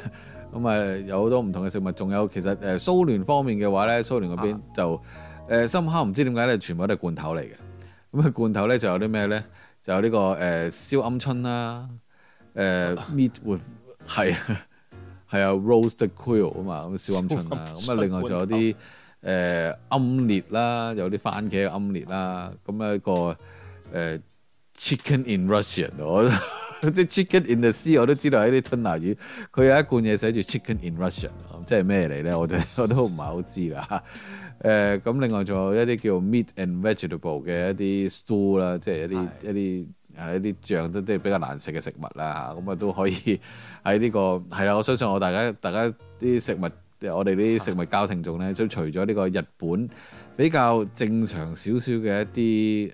咁啊，有好多唔同嘅食物，仲有其實誒蘇聯方面嘅話咧，蘇聯嗰邊就誒深刻唔知點解咧，全部都係罐頭嚟嘅。咁、嗯、佢罐頭咧就有啲咩咧？就有呢就有、呢個誒、呃、燒鵪鶉啦，誒、呃、meat with 係係 啊 roasted quail 啊嘛，咁燒鵪鶉啦。咁啊，另外就有啲誒鵪鶉啦，有啲番茄鵪鶉啦。咁、嗯、一、嗰個誒、呃、chicken in Russian。 即 chicken in the sea 我都知道係一啲吞拿魚。佢有一罐嘢寫住 chicken in Russian，即係咩嚟咧？我就我都唔係好知啦嚇。誒、呃，咁另外仲有一啲叫 meat and vegetable 嘅一啲 stew o 啦，即係的一啲一啲係一啲醬都都比較難食嘅食物啦，咁啊都可以喺呢、呢個係啦，我相信我大家大家啲食物，我哋啲食物教聽眾咧，都的除咗呢個日本比較正常少少嘅一啲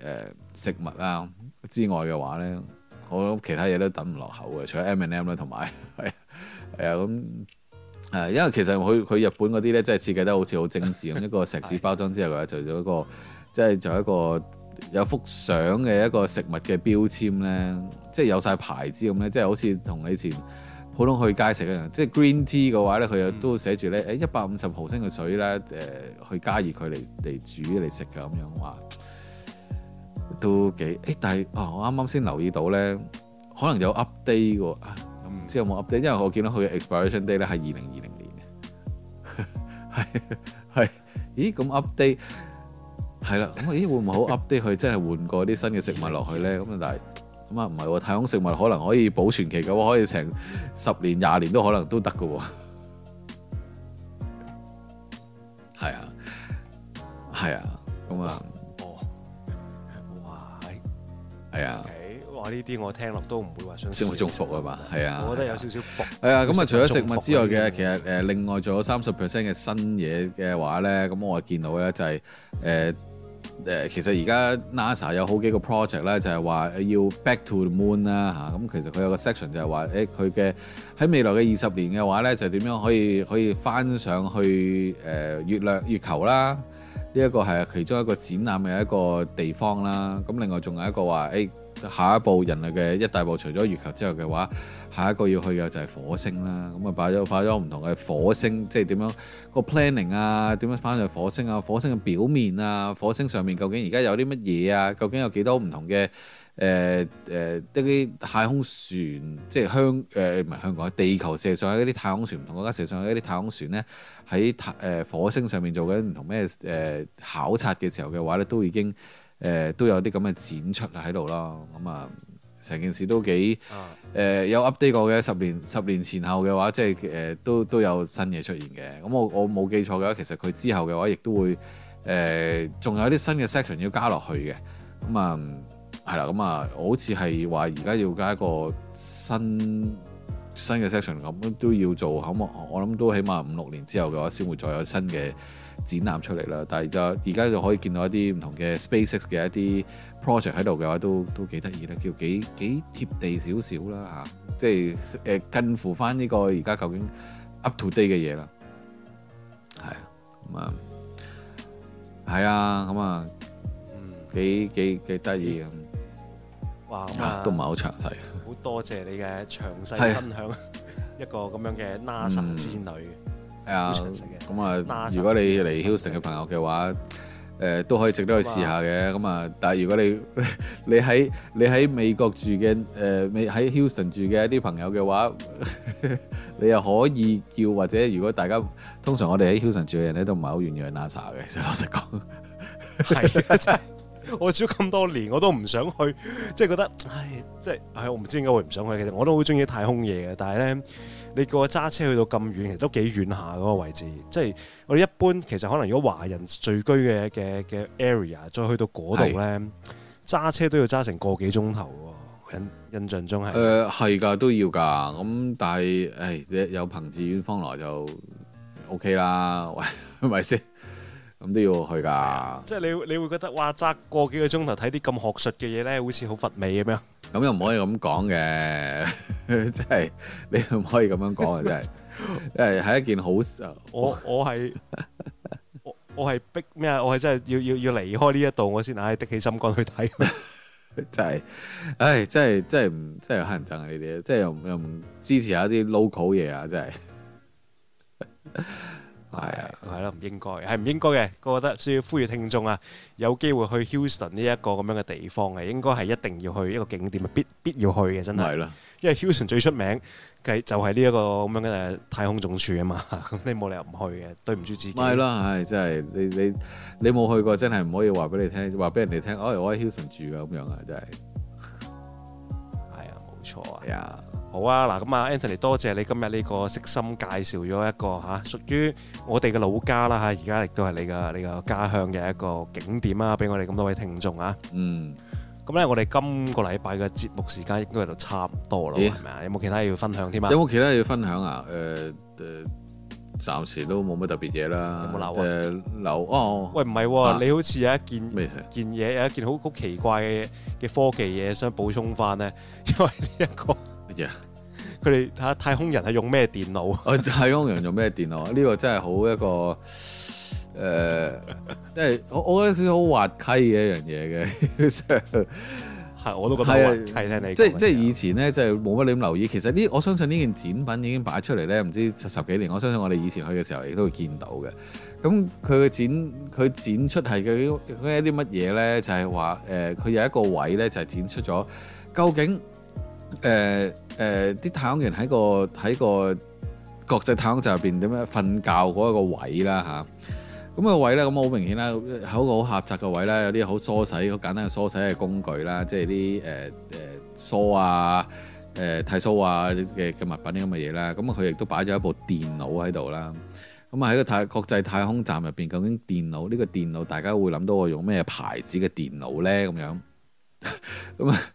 誒食物啊之外嘅話咧。我諗其他嘢都等唔落口嘅，除咗 M and M 咧，同埋係啊咁誒，因為其實佢佢日本嗰啲咧，真係設計得好似好精緻咁， 一個錫紙包裝之後咧， 就有一個即係就是、做一個有一幅相嘅一個食物嘅標籤咧，即係 有晒牌子咁咧，即、就、係、是、好似同你以前普通去街食一樣嘅，即、就、係、是、Green Tea 嘅話咧，佢又都寫住咧，誒一百五十毫升嘅水啦，誒、呃、去加熱佢嚟嚟煮嚟食嘅咁樣話。都幾誒、欸？但係啊、哦，我啱啱先留意到咧，可能有 update 喎。唔、啊、知有冇 update？因為我見到佢嘅 expiration day 咧係二零二零年，係 係。咦？咁 update 係啦。咁、嗯、咦會唔會好 update？佢真係換過啲新嘅食物落去咧？咁、嗯、但係咁啊，唔係喎。太空食物可能可以保存期嘅，可以成十年、廿年都可能都得嘅喎。係 啊，係啊，咁啊。嗯係啊，哇！呢啲我聽落都唔會話想先物中伏係嘛？係啊，啊我覺得有少少伏。係啊，咁啊，想想除咗食物之外嘅、呃就是呃呃，其實誒另外仲有三十 percent 嘅新嘢嘅話咧，咁我見到咧就係誒誒，其實而家 NASA 有好幾個 project 咧，就係話要 back to the moon 啦、啊、嚇。咁其實佢有個 section 就係話誒，佢嘅喺未來嘅二十年嘅話咧，就點、是、樣可以可以翻上去誒、呃、月亮月球啦。呢一個係其中一個展覽嘅一個地方啦，咁另外仲有一個話，誒、哎、下一步人類嘅一大步，除咗月球之後嘅話，下一個要去嘅就係火星啦。咁啊擺咗擺咗唔同嘅火星，即係點樣個 planning 啊，點樣翻去火星啊，火星嘅表面啊，火星上面究竟而家有啲乜嘢啊，究竟有幾多唔同嘅。誒誒一啲太空船，即係香誒唔係香港地球射上嗰啲太空船唔同國家射上嗰啲太空船咧，喺誒、呃、火星上面做緊唔同咩誒、呃、考察嘅時候嘅話咧，都已經誒、呃、都有啲咁嘅展出喺度咯。咁、嗯、啊，成件事都幾誒、呃、有 update 過嘅。十年十年前後嘅話，即係誒都都有新嘢出現嘅。咁、嗯、我我冇記錯嘅話，其實佢之後嘅話亦都會誒仲、呃、有啲新嘅 section 要加落去嘅。咁、嗯、啊～、嗯係啦，咁啊，我好似係話而家要加一個新新嘅 section 咁，都要做咁，我諗都起碼五六年之後嘅話，先會再有新嘅展覽出嚟啦。但係就而家就可以見到一啲唔同嘅 SpaceX 嘅一啲 project 喺度嘅話，都都幾得意咧，叫幾幾貼地少少啦，吓，即係誒，近乎翻呢個而家究竟 up to day 嘅嘢啦。係啊，咁啊，係啊，咁啊，幾幾幾得意啊！都唔係好詳細，好多謝你嘅詳細分享一個咁樣嘅 NASA 之旅，咁啊，如果你嚟 Houston 嘅朋友嘅話，誒都可以值得去試下嘅。咁啊，但係如果你你喺你喺美國住嘅誒，你喺 Houston 住嘅一啲朋友嘅話，你又可以叫，或者如果大家通常我哋喺 Houston 住嘅人咧都唔係好願意去 NASA 嘅，其實老實講，係啊，真係。我住咗咁多年，我都唔想去，即係覺得，唉，即係，唉，我唔知點解會唔想去。其實我都好中意太空嘢嘅，但係咧，你叫我揸車去到咁遠，其實都幾遠下嗰個位置。即係我哋一般，其實可能如果華人聚居嘅嘅嘅 area，再去到嗰度咧，揸的車都要揸成個幾鐘頭。印印象中係誒係噶都要噶，咁、嗯、但係誒有朋自遠方來就 OK 啦，喂，係咪先？ 咁都要去噶，即係你你會覺得哇！揸過幾個鐘頭睇啲咁學術嘅嘢咧，好似好乏味咁樣。咁又唔可以咁講嘅，真係你唔可以咁樣講嘅，真係，因為係一件好，我我係我我係逼咩啊？我係 真係要要要離開呢一度，我先唉的起心肝去睇。 真係，唉，真係真係唔真係乞人憎啊！你哋，即係又又唔支持下一啲 local 嘢啊！真係。係啊，係咯、啊，唔應該，係唔應該嘅。我覺得需要呼籲聽眾啊，有機會去 Houston 呢一個咁樣嘅地方，係應該係一定要去一個景點，必必要去嘅，真係。係啦、啊，因為 Houston 最出名計就係呢一個咁樣嘅太空總署啊嘛，咁你冇理由唔去嘅，對唔住自己。係啦、啊，唉，真係你你你冇去過真係唔可以話俾你聽，話俾人哋聽，哦，我喺 Houston 住啊。咁樣啊，真係。係啊，冇錯啊。Yeah. 好啊，嗱咁啊，Anthony 多謝你今日呢個悉心介紹咗一個吓、啊，屬於我哋嘅老家啦吓，而家亦都係你嘅你嘅家鄉嘅一個景點啊，俾我哋咁多位聽眾啊。嗯，咁咧我哋今個禮拜嘅節目時間應該就差唔多啦，係咪啊？有冇其他嘢要分享添啊？有冇其他嘢要分享啊？誒、呃、誒，暫時都冇乜特別嘢啦、嗯。有冇樓、呃哦、啊？樓哦、啊。喂，唔係喎，你好似有一件咩嘢？件嘢有一件好好奇怪嘅科技嘢想補充翻咧，因為呢、這、一個。佢哋睇下太空人係用咩電腦？哦，太空人用咩電腦？呢 個真係好一個誒，即係我我覺得少少好滑稽嘅一樣嘢嘅。係 我都覺得滑稽，是你即係即係以前咧，即係冇乜點留意。其實呢，我相信呢件展品，已經擺出嚟咧，唔知十十幾年。我相信我哋以前去嘅時候，亦都會見到嘅。咁佢嘅展，佢展出係佢一啲乜嘢咧？就係話誒，佢、呃、有一個位咧，就係展出咗究竟。誒誒，啲、呃呃、太空人喺個喺個國際太空站入邊點樣瞓覺嗰一個位啦嚇，咁、啊個位咧，咁好明顯啦，喺一個好狹窄嘅位啦，有啲好梳洗好簡單嘅梳洗嘅工具啦，即係啲誒誒梳啊、誒、呃、剃鬚啊嘅嘅物品啲咁嘅嘢啦，咁啊佢亦都擺咗一部電腦喺度啦，咁啊喺個太國際太空站入邊究竟電腦呢、呢個電腦大家會諗到我用咩牌子嘅電腦咧咁樣咁啊？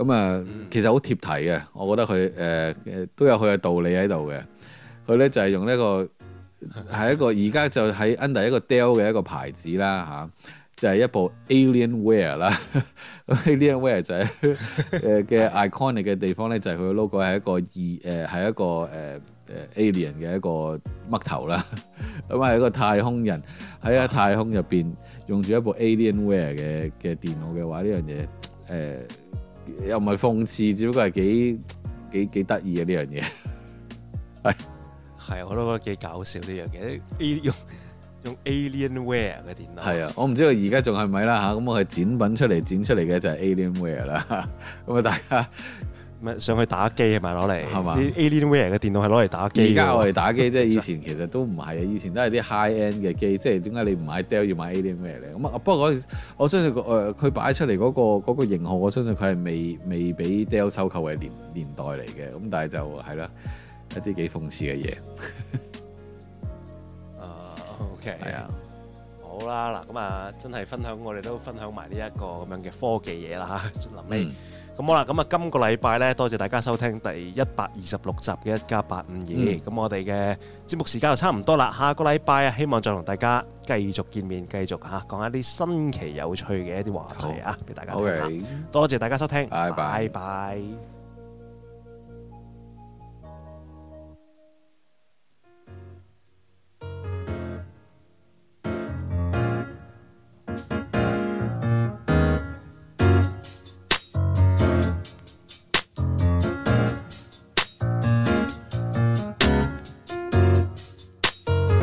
咁啊，其實好貼題嘅，我覺得佢誒誒都有佢嘅道理喺度嘅。佢咧就係用呢個係一個而家就喺 under 一個 Dell 嘅一個牌子啦吓，就係一部 Alienware 啦。Alienware 就係誒嘅 iconic 嘅地方咧，就係佢 logo 係一個二誒係一個誒誒 alien 嘅一個嘜頭啦。咁係一個太空人喺喺太空入邊用住一部 Alienware 嘅嘅電腦嘅話，呢樣嘢誒。又唔係諷刺，只不過係幾幾幾得意嘅呢樣嘢，係係我都覺得幾搞笑呢樣嘢。用用 Alienware 嘅電腦，係啊，我唔知道而家仲係咪啦嚇。咁、啊、我係展品出嚟剪出嚟嘅就係 Alienware 啦。咁啊大家。上去打機係咪攞嚟？係嘛啲吧 Alienware 嘅電腦係攞嚟打機。而家我哋打機即係以前其實都唔係啊，以前都係啲 high end 嘅機。即係點解你唔買 Dell 要買 Alienware 咧？咁啊不過我，我相信佢、呃、擺出嚟嗰、嗰個嗰個型號，我相信佢係未未俾 Dell 收購嘅年年代嚟嘅。咁但係就係啦一啲幾諷刺嘅嘢。啊、 uh, OK 係啊 Yeah. 好啦嗱咁啊真係分享我哋都分享埋呢一個咁樣嘅科技嘢啦嚇。臨尾。咁好啦，咁啊，今個禮拜呢，多謝大家收聽第一百二十六集嘅一家八五二。咁我哋嘅節目時間就差唔多啦，下個禮拜啊，希望再同大家繼續見面，繼續吓講一啲新奇有趣嘅一啲話題啊，俾好大家聽。好多謝大家收聽，好拜拜。拜拜。